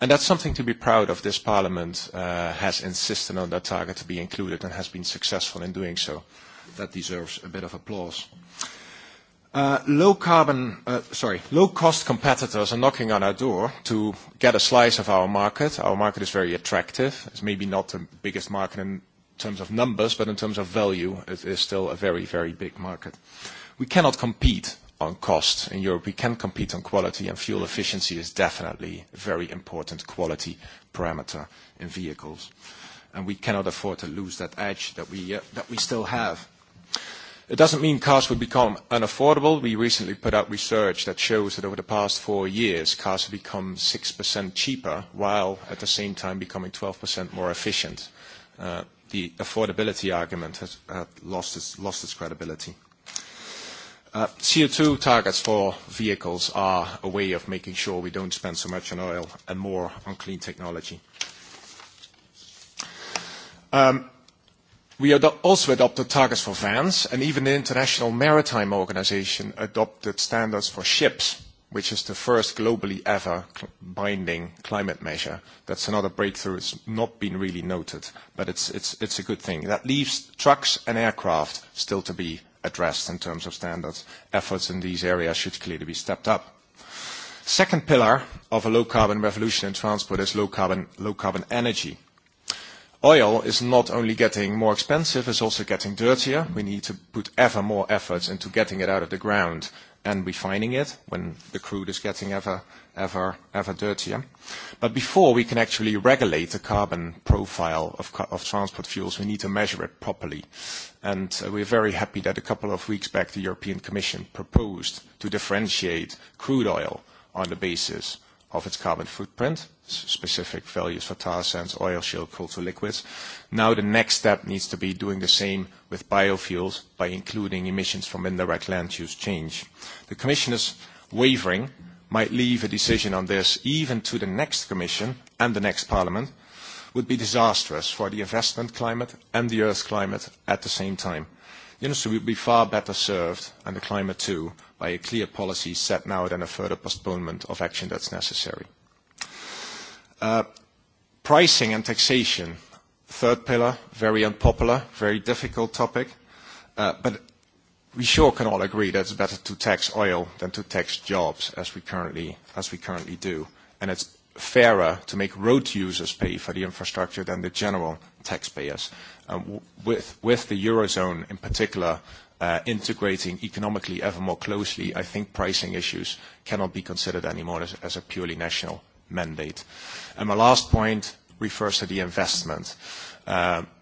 Speaker 15: And that's something to be proud of. This Parliament has insisted on that target to be included and has been successful in doing so. That deserves a bit of applause. Low-cost competitors are knocking on our door to get a slice of our market. Our market is very attractive. It's maybe not the biggest market in terms of numbers, but in terms of value, it is still a very, very big market. We cannot compete on cost in Europe. We can compete on quality, and fuel efficiency is definitely a very important quality parameter in vehicles. And we cannot afford to lose that edge that we still have. It doesn't mean cars would become unaffordable. We recently put out research that shows that over the past four years, cars have become 6% cheaper, while at the same time becoming 12% more efficient. The affordability argument has lost its credibility. CO2 targets for vehicles are a way of making sure we don't spend so much on oil and more on clean technology. We also adopted targets for vans, and even the International Maritime Organization adopted standards for ships, which is the first globally ever binding climate measure. That's another breakthrough. It's not been really noted, but it's a good thing. That leaves trucks and aircraft still to be addressed in terms of standards. Efforts in these areas should clearly be stepped up. Second pillar of a low-carbon revolution in transport is low-carbon energy. Oil is not only getting more expensive, it's also getting dirtier. We need to put ever more efforts into getting it out of the ground and refining it when the crude is getting ever, ever, ever dirtier. But before we can actually regulate the carbon profile of transport fuels, we need to measure it properly. And are very happy that a couple of weeks back the European Commission proposed to differentiate crude oil on the basis of its carbon footprint specific values for tar sands, oil shale, coal to liquids. Now the next step needs to be doing the same with biofuels by including emissions from indirect land use change. The Commissioner's wavering might leave a decision on this even to the next Commission and the next Parliament would be disastrous for the investment climate and the Earth's climate at the same time. The industry would be far better served, and the climate too, by a clear policy set now than a further postponement of action that's necessary. Pricing and taxation, third pillar, very unpopular, very difficult topic, but we sure can all agree that it's better to tax oil than to tax jobs as we currently as we currently do, and it's fairer to make road users pay for the infrastructure than the general taxpayers. With with the eurozone in particular integrating economically ever more closely, I think pricing issues cannot be considered anymore as a purely national mandate. And my last point refers to the investment.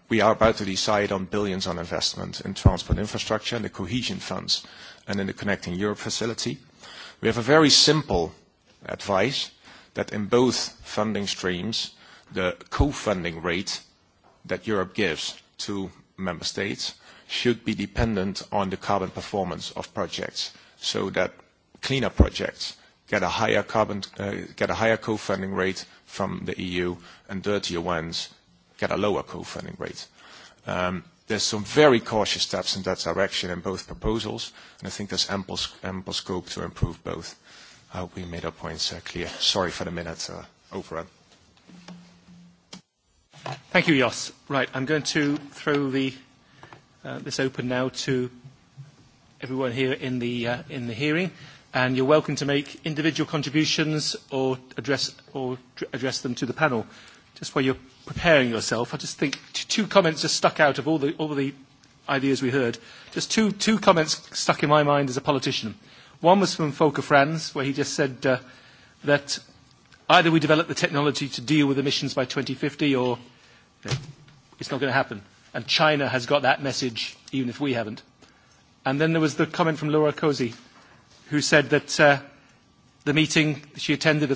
Speaker 15: We are about to decide on billions on investment in transport infrastructure and the cohesion funds and in the Connecting Europe facility. We have a very simple advice that in both funding streams, the co-funding rate that Europe gives to member states should be dependent on the carbon performance of projects so that cleaner projects get a higher get a higher co-funding rate from the EU and dirtier ones get a lower co-funding rate. There's some very cautious steps in that direction in both proposals, and I think there's ample scope to improve both. I hope we made our points clear. Sorry for the minute overrun.
Speaker 3: Thank you, Jos. Right, I'm going to throw this open now to everyone here in the hearing and you're welcome to make individual contributions or address or address them to the panel. Just while you're preparing yourself, I just think two comments just stuck out of all the all the ideas we heard. Just two two comments stuck in my mind as a politician. One was from Volker Franz, where he just said that either we develop the technology to deal with emissions by 2050 or it's not going to happen. And China has got that message, even if we haven't. And then there was the comment from Laura Cozy who said that the meeting she attended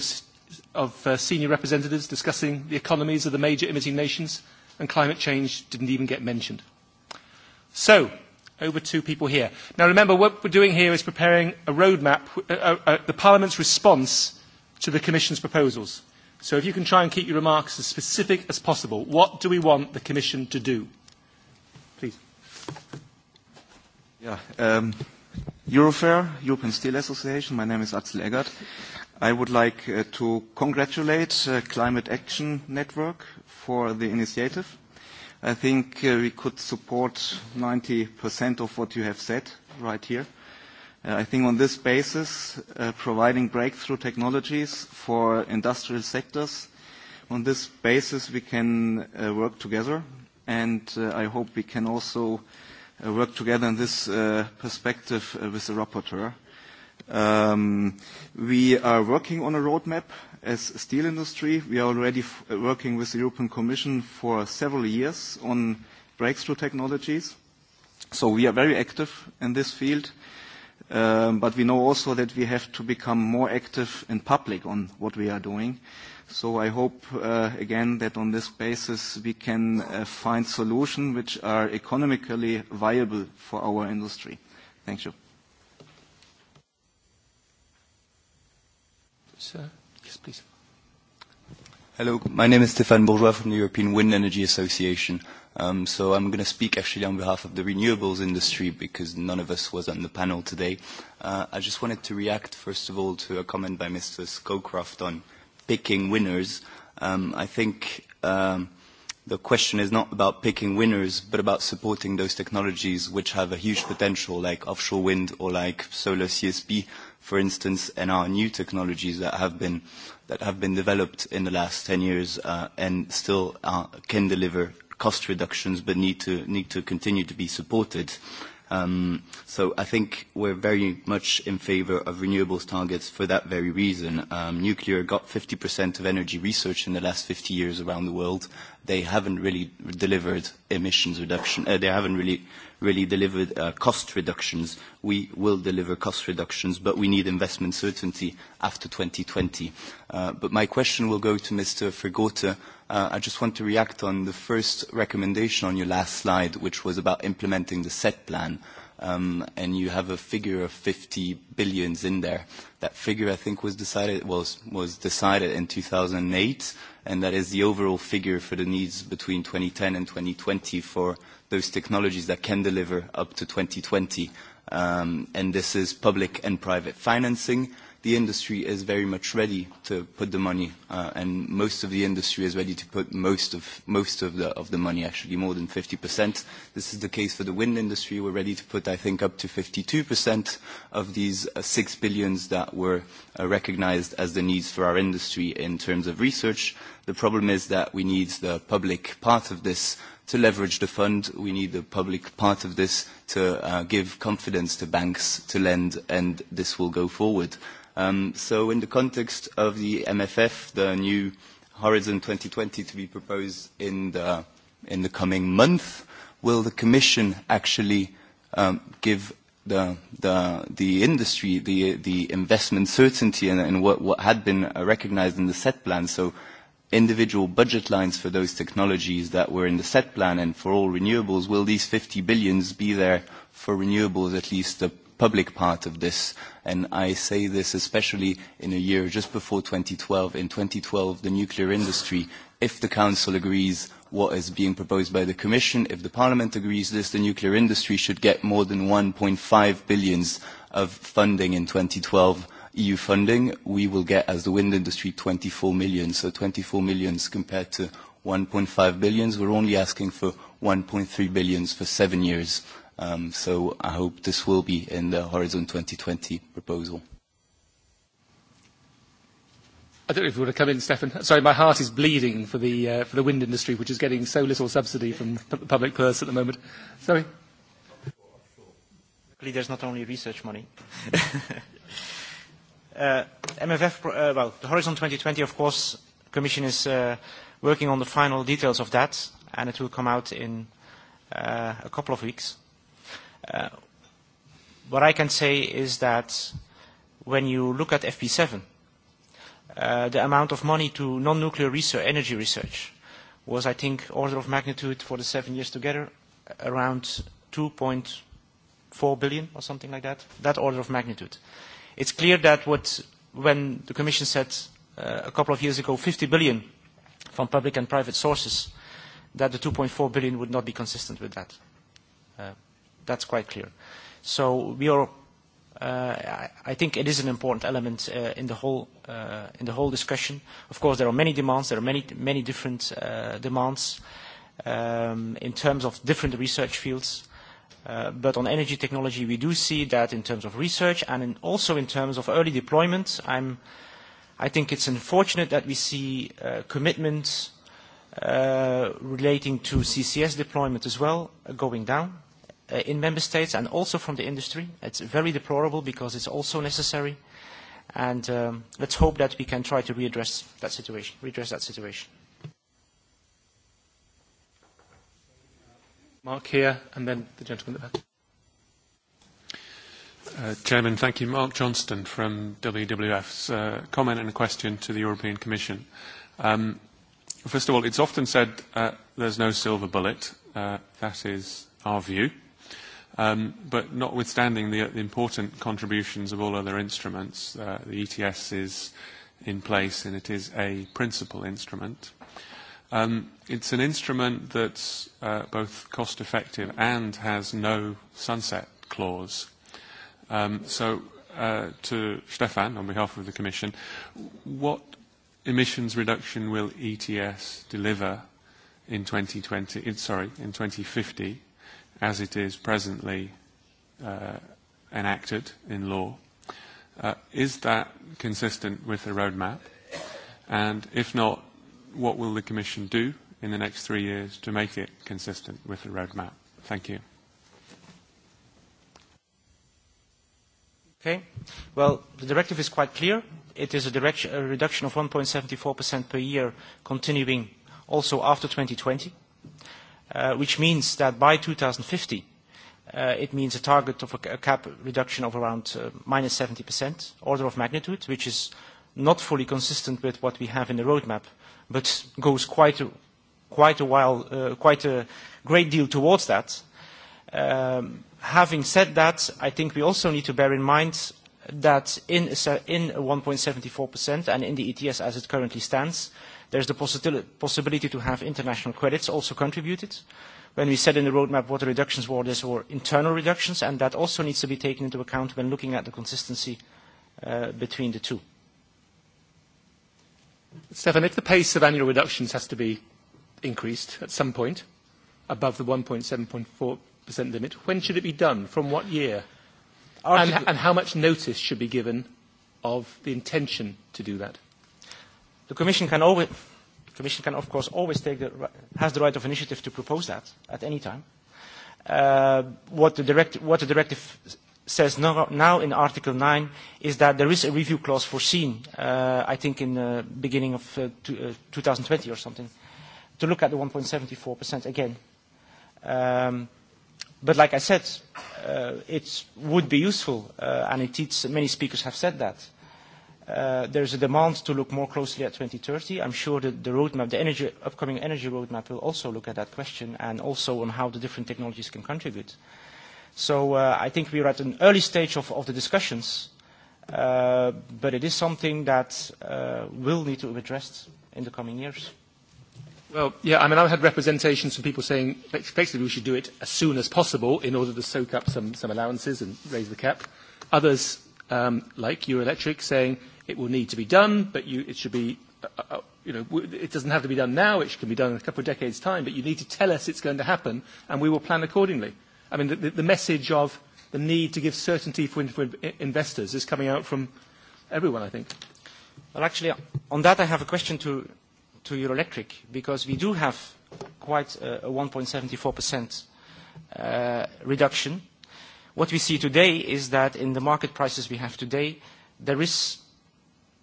Speaker 3: of senior representatives discussing the economies of the major emitting nations and climate change didn't even get mentioned. So, over to people here. Now remember, what we're doing here is preparing a roadmap, the Parliament's response to the Commission's proposals. So if you can try and keep your remarks as specific as possible. What do we want the Commission to do? Please.
Speaker 16: Yeah, Eurofair, European Steel Association. My name is Axel Eggert. I would like to congratulate Climate Action Network for the initiative. I think we could support 90% of what you have said right here. I think on this basis, providing breakthrough technologies for industrial sectors, on this basis we can work together and I hope we can also work together in this perspective with the rapporteur. We are working on a roadmap as steel industry. We are already working with the European Commission for several years on breakthrough technologies. So we are very active in this field, but we know also that we have to become more active in public on what we are doing. So I hope, again, that on this basis we can find solutions which are economically viable for our industry. Thank you.
Speaker 17: Sir, yes, please. Hello, my name is Stéphane Bourgeois from the European Wind Energy Association. So I'm going to speak actually on behalf of the renewables industry because none of us was on the panel today. I just wanted to react, first of all, to a comment by Mr. Scowcroft on picking winners. I think the question is not about picking winners, but about supporting those technologies which have a huge potential, like offshore wind or like solar CSP, for instance, and our new technologies that have been that have been developed in the last 10 years and still can deliver cost reductions, but need to need to continue to be supported. So I think we're very much in favour of renewables targets for that very reason. Nuclear got 50% of energy research in the last 50 years around the world. They haven't really delivered emissions reduction. They haven't really really delivered cost reductions. We will deliver cost reductions, but we need investment certainty after 2020. But my question will go to Mr. Fergote I just want to react on the first recommendation on your last slide, which was about implementing the set plan. And you have a figure of 50 billions in there. That figure, I think, was decided was was decided in 2008, and that is the overall figure for the needs between 2010 and 2020 for those technologies that can deliver up to 2020. And this is public and private financing the industry is very much ready to put the money, and most of the industry is ready to put most of most of the of the money, actually more than 50%. This is the case for the wind industry. We're ready to put, I think, up to 52% of these 6 billions that were recognized as the needs for our industry in terms of research. The problem is that we need the public part of this to leverage the fund. We need the public part of this to give confidence to banks to lend, and this will go forward. So in the context of the MFF, the new Horizon 2020 to be proposed in the coming month, will the Commission actually give the industry the investment certainty and what had been recognized in the set plan? So individual budget lines for those technologies that were in the set plan and for all renewables, will these 50 billions be there for renewables at least public part of this. And I say this especially in a year just before 2012. In 2012, the nuclear industry, if the Council agrees what is being proposed by the Commission, if the Parliament agrees this, the nuclear industry should get more than 1.5 billions of funding in 2012. EU funding, we will get as the wind industry 24 million. So 24 millions compared to 1.5 billion. We're only asking for 1.3 billions for seven years So I hope this will be in the Horizon 2020 proposal.
Speaker 3: I don't know if you want to come in, Stefan. Sorry, my heart is bleeding for the for the wind industry, which is getting so little subsidy from the public purse at the moment. Sorry.
Speaker 2: There's not only research money. MFF, well, the Horizon 2020, of course, Commission is working on the final details of that, and it will come out in a couple of weeks. What I can say is that when you look at FP7, the amount of money to non-nuclear research, energy research, was, I think, order of magnitude for the seven years together, around 2.4 billion or something like that. That order of magnitude. It's clear that what, when the Commission said a couple of years ago 50 billion from public and private sources, that the 2.4 billion would not be consistent with that. That's quite clear. So we are I think it is an important element in the whole discussion. Of course, there are many demands. There are many many different demands in terms of different research fields. But on energy technology, we do see that in terms of research and also in terms of early deployment. I think it's unfortunate that we see commitments relating to CCS deployment as well going down in member states and also from the industry. It's very deplorable because it's also necessary. And let's hope that we can try to readdress that situation, redress that situation.
Speaker 3: Mark here, and then the gentleman at the
Speaker 18: back. Chairman, thank you. Mark Johnston from WWF's comment and question to the European Commission. First of all, it's often said there's no silver bullet. That is our view. But notwithstanding the important contributions of all other instruments, the ETS is in place and it is a principal instrument. It's an instrument that's both cost-effective and has no sunset clause. So to Stefan, on behalf of the Commission, what emissions reduction will ETS deliver in 2020, sorry, in 2050? as it is presently enacted in law, is that consistent with the roadmap? And if not, what will the Commission do in the next three years to make it consistent with the roadmap? Thank you.
Speaker 2: Okay. Well, the directive is quite clear. It is a reduction of 1.74% per year continuing also after 2020 which means that by 2050 it means a target of a cap reduction of around minus 70%, order of magnitude, which is not fully consistent with what we have in the roadmap, but goes quite a quite a while, quite a great deal towards that. Having said that, I think we also need to bear in mind that in 1.74% and in the ETS as it currently stands, There's the possibility to have international credits also contributed. When we said in the roadmap what the reductions were, these were internal reductions, and that also needs to be taken into account when looking at the consistency between the
Speaker 3: two. Stefan, if the pace of annual reductions has to be increased at some point above the 1.7.4% limit, when should it be done? From what year? And how much notice should be given of the intention to do that? The Commission can of course always
Speaker 2: take the, has the right of initiative to propose that at any time. What the directive says now in Article 9 is that there is a review clause foreseen, I think in the beginning of 2020 or something, to look at the 1.74% again. But like I said, it would be useful, and indeed many speakers have said that There is a demand to look more closely at 2030. I'm sure that the roadmap, the upcoming energy roadmap, will also look at that question and also on how the different technologies can contribute. So I think we are at an early stage of the discussions, but it
Speaker 3: is something that will need to be addressed in the coming years. Well, yeah, I mean, I've had representations from people saying basically we should do it as soon as possible in order to soak up some some allowances and raise the cap. Others, like Euroelectric, saying It will need to be done, but it should be, you know, it doesn't have to be done now. It can be done in a couple of decades' time, but you need to tell us it's going to happen, and we will plan accordingly. I mean, the message of the need to give certainty for investors is coming out from everyone, I think. Well, actually, on that I have a question to to Euroelectric, because we
Speaker 2: do have quite a 1.74% reduction. What we see today is that in the market prices we have today, there is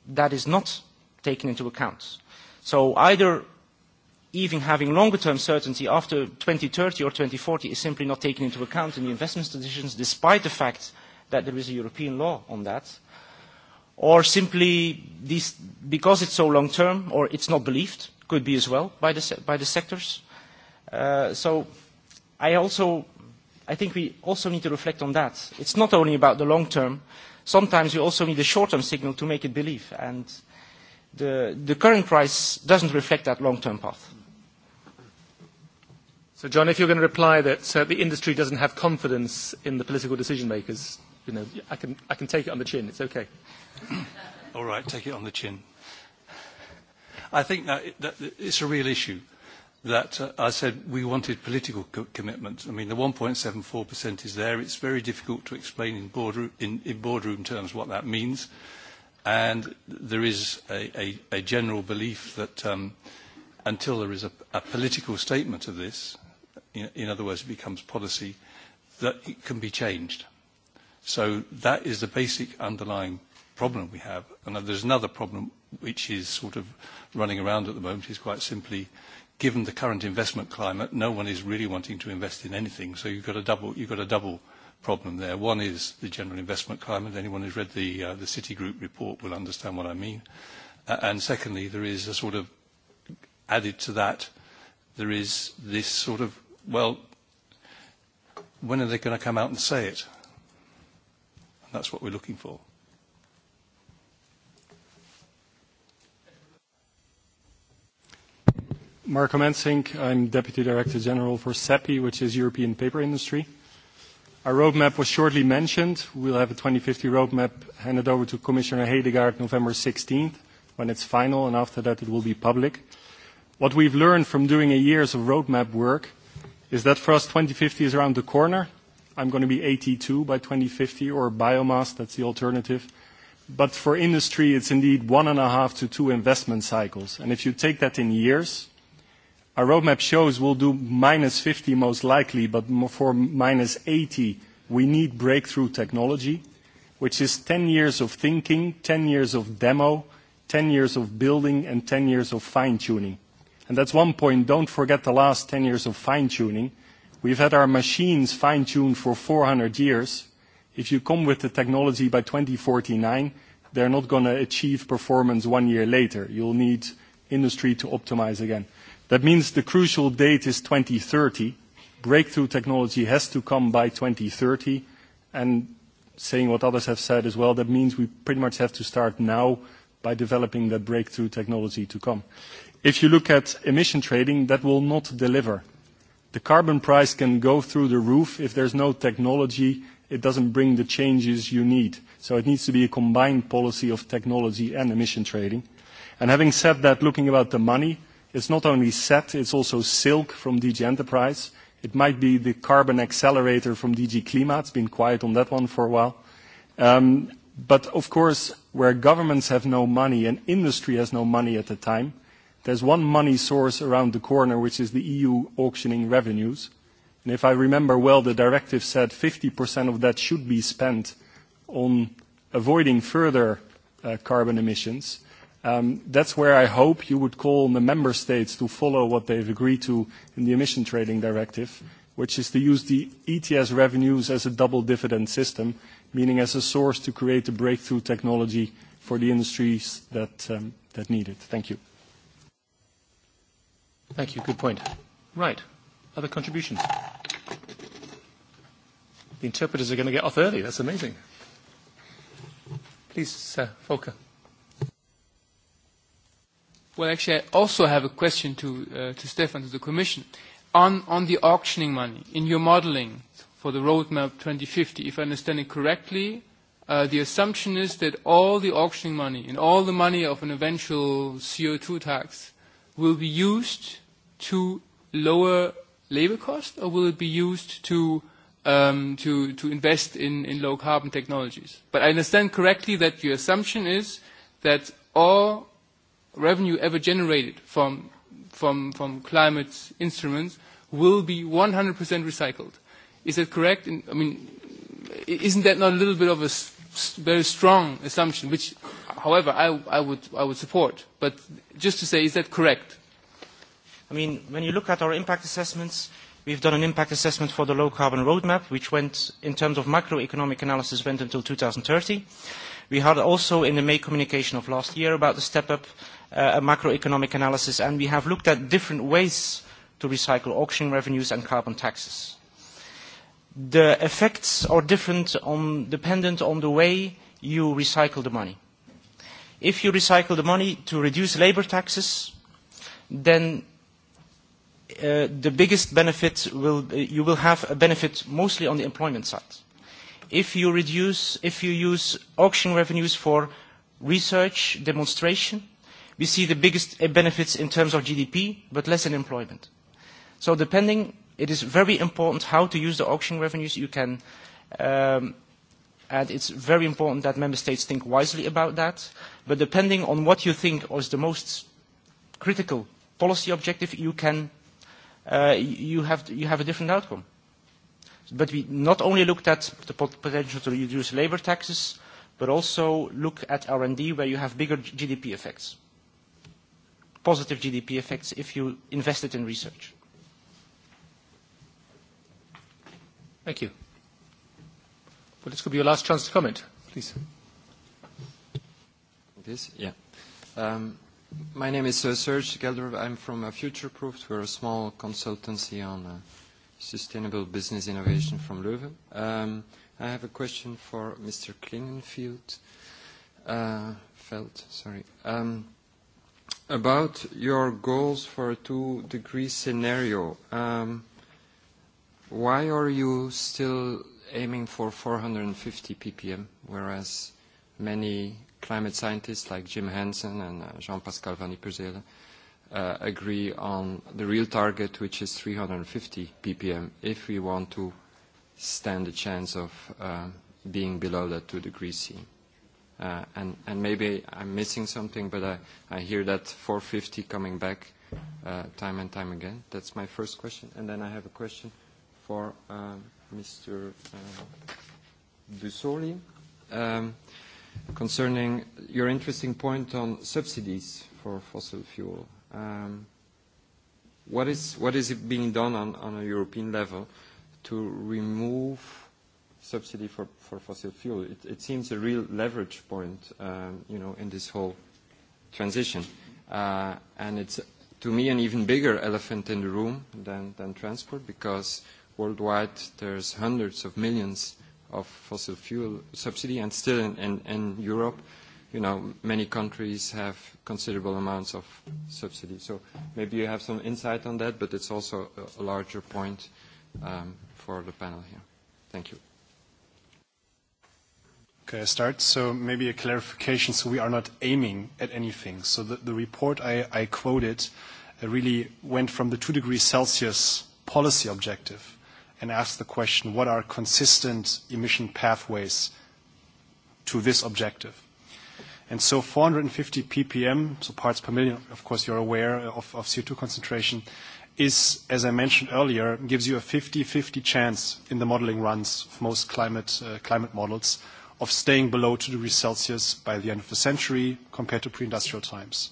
Speaker 2: that is not taken into account. So either even having longer-term certainty after 2030 or 2040 is simply not taken into account in the investment decisions, despite the fact that there is a European law on that, or simply because it's so long-term or it's not believed, could be as well by the sectors. So I also, I think we also need to reflect on that. It's not only about the long-term, sometimes you also need a short-term signal to make
Speaker 3: it believe. And the, the current price doesn't reflect that long-term path. So, John, if you're going to reply that the industry doesn't have confidence in the political decision makers, you know, I can, I can take it on the chin. It's okay.
Speaker 11: All right, take it on the chin. I think that, that it's a real issue that I said we wanted political commitment. I mean, the 1.74% is there. It's very difficult to explain in boardroom terms what that means. And there is a general belief that until there is a political statement of this, in other words, it becomes policy, that it can be changed. So that is the basic underlying problem we have. And there's another problem which is sort of running around at the moment is quite simply given the current investment climate, no one is really wanting to invest in anything. So you've got a double, you've got a double problem there. One is the general investment climate. Anyone who's read the Citigroup report will understand what I mean. And secondly, there is a sort of added to that, there is this sort of, well, when are they going to come out and say it? And that's what we're looking for.
Speaker 19: Marco Mensink. I'm Deputy Director General for CEPI, which is European Paper Industry. Our roadmap was shortly mentioned. We'll have a 2050 roadmap handed over to Commissioner Hedegaard November 16th when it's final, and after that it will be public. What we've learned from doing a years of roadmap work is that for us 2050 is around the corner. I'm going to be 82 by 2050, or biomass, that's the alternative. But for industry, it's indeed one and a half to two investment cycles. And if you take that in years, Our roadmap shows we'll do minus 50 most likely, but for minus 80 we need breakthrough technology, which is 10 years of thinking, 10 years of demo, 10 years of building, and 10 years of fine-tuning. And that's one point. Don't forget the last 10 years of fine-tuning. We've had our machines fine-tuned for 400 years. If you come with the technology by 2049, they're not going to achieve performance one year later. You'll need industry to optimize again. That means the crucial date is 2030. Breakthrough technology has to come by 2030. And saying what others have said as well, that means we pretty much have to start now by developing that breakthrough technology to come. If you look at emission trading, that will not deliver. The carbon price can go through the roof. If there's no technology, it doesn't bring the changes you need. So it needs to be a combined policy of technology and emission trading. And having said that, looking about the money, It's not only SET, it's also Silk from DG Enterprise. It might be the carbon accelerator from DG Klima. It's been quiet on that one for a while. But of course, where governments have no money and industry has no money at the time, there's one money source around the corner, which is the EU auctioning revenues. And if I remember well, the directive said 50% of that should be spent on avoiding further carbon emissions. That's where I hope you would call on the member states to follow what they've agreed to in the emission trading directive, which is to use the ETS revenues as a double dividend system, meaning as a source to create a breakthrough technology for the industries that need it. Thank you. Thank
Speaker 3: you. Good point. Right. Other contributions? The interpreters are going to get off early. That's amazing. Please, Volker.
Speaker 13: Well, actually, I also have a question to to Stefan, to the Commission, on on the auctioning money in your modeling for the roadmap 2050. If I understand it correctly, the assumption is that all the auctioning money and all the money of an eventual CO2 tax will be used to lower labor costs, or will it be used to to to invest in in low carbon technologies? But I understand correctly that your assumption is that all revenue ever generated from from climate instruments will be 100% recycled. Is that correct? I mean, isn't that not a little bit of a very strong assumption, which, however, I would support. But just to say, is that correct? I mean,
Speaker 2: when you look at our impact assessments, we've done an impact assessment for the low-carbon roadmap, which went, in terms of macroeconomic analysis, went until 2030. We had also in the May communication of last year about the step-up a macroeconomic analysis, and we have looked at different ways to recycle auction revenues and carbon taxes. The effects are different dependent on the way you recycle the money. If you recycle the money to reduce labor taxes, then the biggest benefit will you will have a benefit mostly on the employment side if you reduce, if you use auction revenues for research, demonstration, we see the biggest benefits in terms of GDP, but less in employment. So depending, it is very important how to use the auction revenues you can, and it's very important that member states think wisely about that. But depending on what you think is the most critical policy objective, you can, you have a different outcome. But we not only looked at the potential to reduce labor taxes, but also look at R&D where you have bigger GDP effects, positive GDP effects if you invested
Speaker 3: in research. Thank you. Well, this could be your last chance to comment, please.
Speaker 20: yeah. My name is Serge Gelder. I'm from Futureproof. We're a small consultancy on Sustainable Business Innovation from Leuven. I have a question for Mr. Klingenfeld. Feld, sorry. About your goals for a two-degree scenario, why are you still aiming for 450 ppm, whereas many climate scientists like Jim Hansen and Jean-Pascal Van Ypersele agree on the real target, which is 350 ppm, if we want to stand a chance of being below that 2 degrees C. And maybe I'm missing something, but I hear that 450 coming back time and time again. That's my first question. And then I have a question for Mr. Busoli concerning your interesting point on subsidies for fossil fuel What is what is being done on a European level to remove subsidy for fossil fuel? It seems a real leverage point, you know, in this whole transition, and it's to me an even bigger elephant in the room than transport because worldwide there's hundreds of millions of fossil fuel subsidy and still in Europe you know, many countries have considerable amounts of subsidies. So maybe you have some insight on that, but it's also a larger point for the panel here. Thank you.
Speaker 5: Okay, I start. So maybe a clarification. So we are not aiming at anything. So the report I I quoted really went from the two degrees Celsius policy objective and asked the question, what are consistent emission pathways to this objective? And so 450 ppm, so parts per million, of course you're aware of CO2 concentration, is, as I mentioned earlier, gives you a 50-50 chance in the modeling runs of most climate models of staying below 2 degrees Celsius by the end of the century compared to pre-industrial times.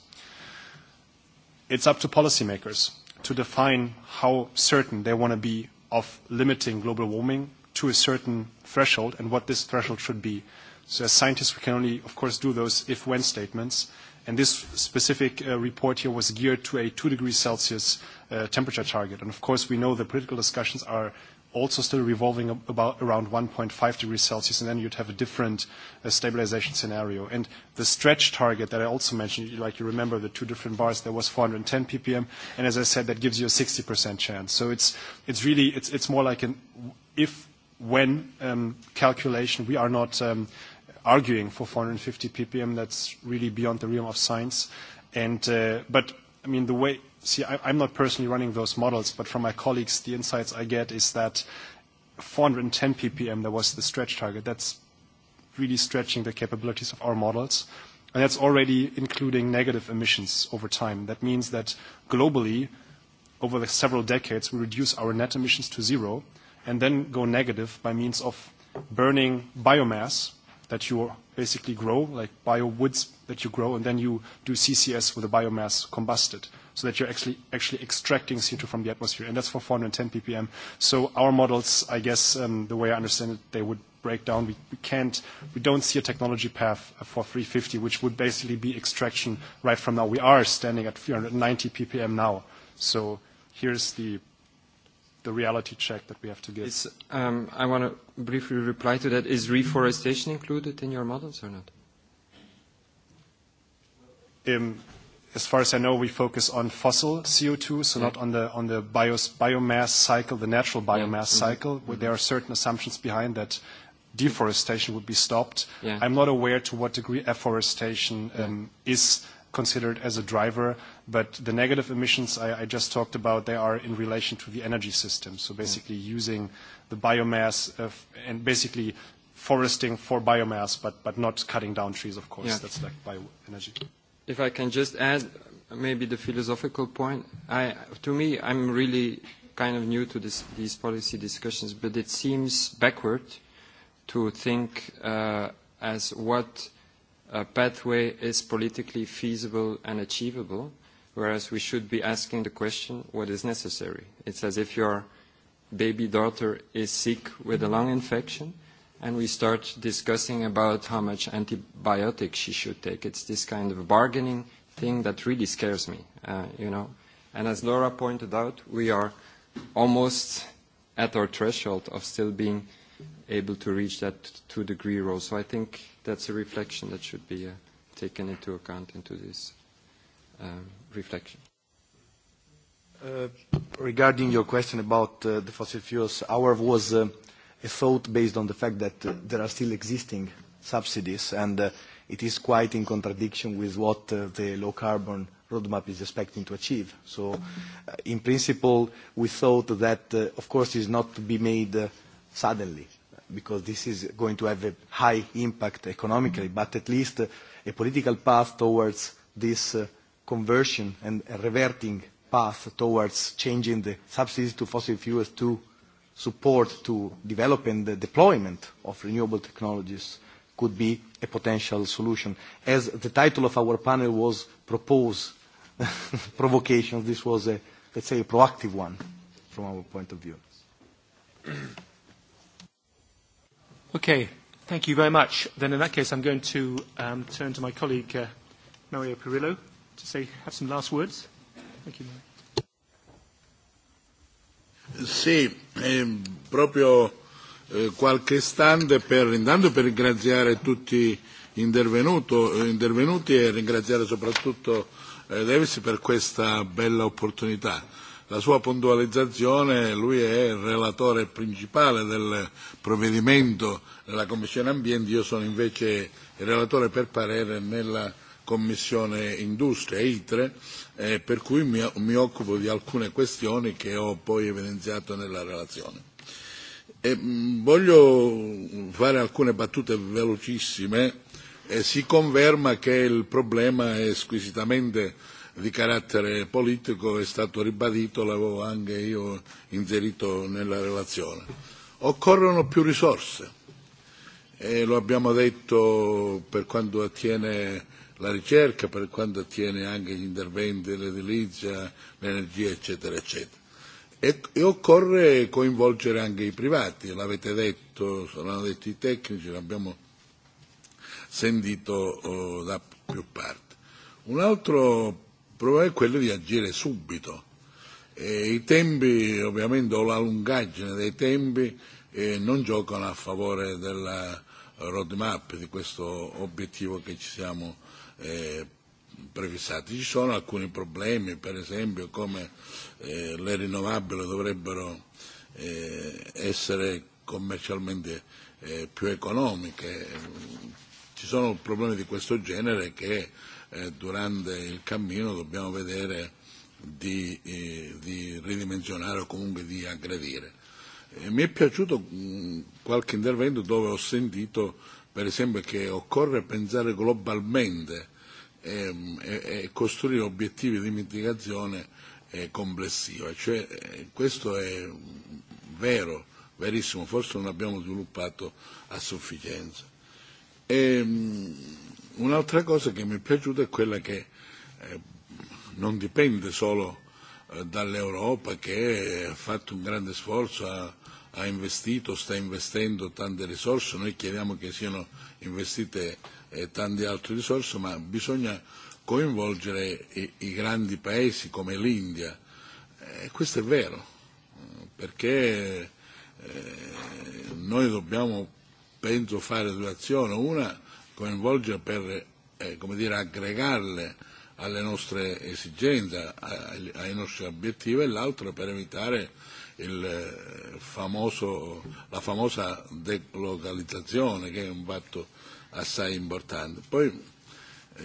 Speaker 5: It's up to policymakers to define how certain they want to be of limiting global warming to a certain threshold and what this threshold should be. So as scientists, we can only, of course, do those if-when statements. And this specific report here was geared to a 2 degrees Celsius temperature target. And of course, we know the political discussions are also still revolving about around 1.5 degrees Celsius, and then you'd have a different stabilization scenario. And the stretch target that I also mentioned, like you remember the two different bars, there was 410 ppm, and as I said, that gives you a 60% chance. So it's it's really it's it's more like an if when calculation. We are not arguing for 450 ppm. That's really beyond the realm of science. And but I mean the way see I'm not personally running those models, but from my colleagues the insights I get is that 410 ppm that was the stretch target. That's really stretching the capabilities of our models. And that's already including negative emissions over time. That means that globally, over the several decades, we reduce our net emissions to zero and then go negative by means of burning biomass that you basically grow, like bio-woods that you grow, and then you do CCS with the biomass combusted, so that you're actually actually extracting CO2 from the atmosphere, and that's for 410 ppm. So our models, I guess, the way I understand it, they would break down. We can't, we don't see a technology path for 350, which would basically be extraction right from now. We are standing at 490 ppm now, so here's the the reality check that we have to give.
Speaker 20: I want to briefly reply to that. Is reforestation included in your models or not? As far as I know, we focus on fossil CO2, so not on
Speaker 5: the on the biomass cycle, the natural biomass cycle. There are certain assumptions behind that deforestation would be stopped. I'm not aware to what degree afforestation is considered as a driver, but the negative emissions I just talked about, they are in relation to the energy system. So basically using the biomass and basically foresting for biomass, but not cutting down trees, of course. That's like bioenergy.
Speaker 20: If I can just add maybe the philosophical point, to me, I'm really kind of new to these policy discussions, but it seems backward to think as what pathway is politically feasible and achievable, whereas we should be asking the question, what is necessary? It's as if your baby daughter is sick with a lung infection, and we start discussing about how much antibiotics she should take. It's this kind of bargaining thing that really scares me, you know. And as Laura pointed out, we are almost at our threshold of still being able to reach that two-degree rule. So I think that's a reflection that should be taken into
Speaker 14: account into this reflection. Regarding your question about the fossil fuels, our was a thought based on the fact that there are still existing subsidies, and it is quite in contradiction with what the low-carbon roadmap is expecting to achieve. So in principle, we thought that, of course, is not to be made suddenly, because this is going to have a high impact economically, but at least a political path towards this conversion and a reverting path towards changing the subsidies to fossil fuels to support to develop and the deployment of renewable technologies could be a potential solution. As the title of our panel was propose provocations, this was a, let's say, a proactive one from our point of view.
Speaker 3: Okay, thank you very much. Then in that case, I'm going to um, turn to my colleague, uh, Mario Pirillo, to say, have some last words. Thank you,
Speaker 4: Mario. Sì, proprio qualche stand per intanto per ringraziare tutti gli intervenuti e ringraziare soprattutto Davis per questa bella opportunità la sua puntualizzazione, lui è il relatore principale del provvedimento nella Commissione Ambiente, io sono invece il relatore per parere nella Commissione Industria, ITRE, per cui mi occupo di alcune questioni che ho poi evidenziato nella relazione. Voglio fare alcune battute velocissime. Si conferma che il problema è squisitamente di carattere politico è stato ribadito, l'avevo anche io inserito nella relazione. Occorrono più risorse e lo abbiamo detto per quanto attiene la ricerca, per quanto attiene anche gli interventi, l'edilizia, l'energia, eccetera, eccetera. E, occorre coinvolgere anche i privati, l'avete detto, l'hanno detto i tecnici, l'abbiamo sentito da più parti. Un altro problema è quello di agire subito. e I tempi, ovviamente, o la lungaggine dei tempi non giocano a favore della roadmap, di questo obiettivo che ci siamo prefissati. Ci sono alcuni problemi, per esempio come le rinnovabili dovrebbero essere commercialmente più economiche. Ci sono problemi di questo genere che durante il cammino dobbiamo vedere di, di ridimensionare o comunque di aggredire. mi è piaciuto qualche intervento dove ho sentito per esempio che occorre pensare globalmente e costruire obiettivi di mitigazione complessiva. Cioè, questo è vero, verissimo, forse non abbiamo sviluppato a sufficienza. E, Un'altra cosa che mi è piaciuta è quella che non dipende solo dall'Europa che ha fatto un grande sforzo, ha investito, sta investendo tante risorse, noi chiediamo che siano investite tante altre risorse, ma bisogna coinvolgere i grandi paesi come l'India. questo è vero, perché noi dobbiamo, penso, fare due azioni. Una coinvolge per come dire, aggregarle alle nostre esigenze, ai nostri obiettivi e l'altro per evitare il famoso, la famosa delocalizzazione che è un fatto assai importante. Poi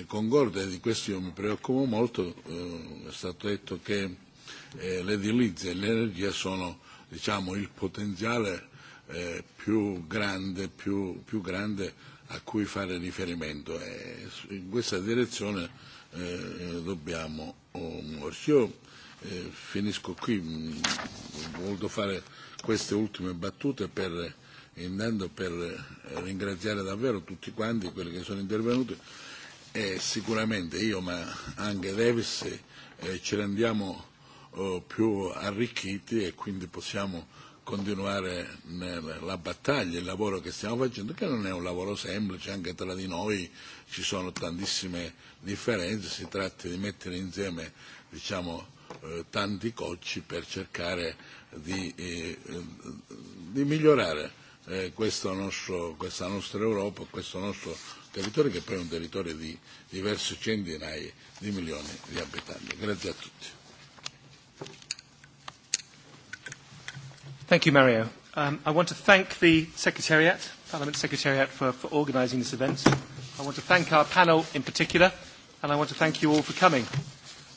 Speaker 4: concordo e di questo io mi preoccupo molto, è stato detto che l'edilizia e l'energia sono diciamo, il potenziale più grande, più, più grande a cui fare riferimento e in questa direzione eh, dobbiamo muoverci. Io finisco qui, ho voluto fare queste ultime battute per intanto per ringraziare davvero tutti quanti quelli che sono intervenuti e sicuramente io ma anche Davis eh, ci rendiamo più arricchiti e quindi possiamo continuare nella battaglia, il lavoro che stiamo facendo, che non è un lavoro semplice, anche tra di noi ci sono tantissime differenze, si tratta di mettere insieme diciamo, tanti cocci per cercare di, di migliorare questo nostro, questa nostra Europa, questo nostro territorio che poi è un territorio di diverse centinaia di milioni di abitanti. Grazie a tutti.
Speaker 3: Thank you, Mario. I want to thank the Secretariat, Parliament Secretariat, for organising this event. I want to thank our panel in particular, and I want to thank you all for coming.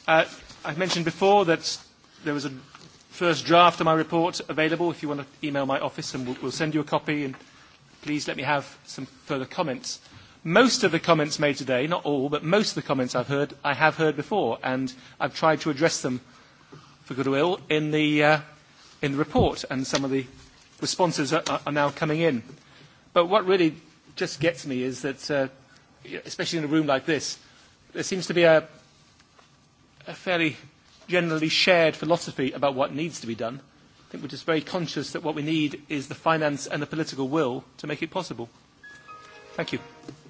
Speaker 3: I've mentioned before that there was a first draft of my report available. If you want to email my office, and we'll send you a copy, and please let me have some further comments. Most of the comments made today, not all, but most of the comments I've heard, I have heard before, and I've tried to address them, for goodwill in the in the report, and some of the responses are now coming in. But what really just gets me is that, especially in a room like this, there seems to be a fairly generally shared philosophy about what needs to be done. I think we're just very conscious that what we need is the finance and the political will to make it possible. Thank you.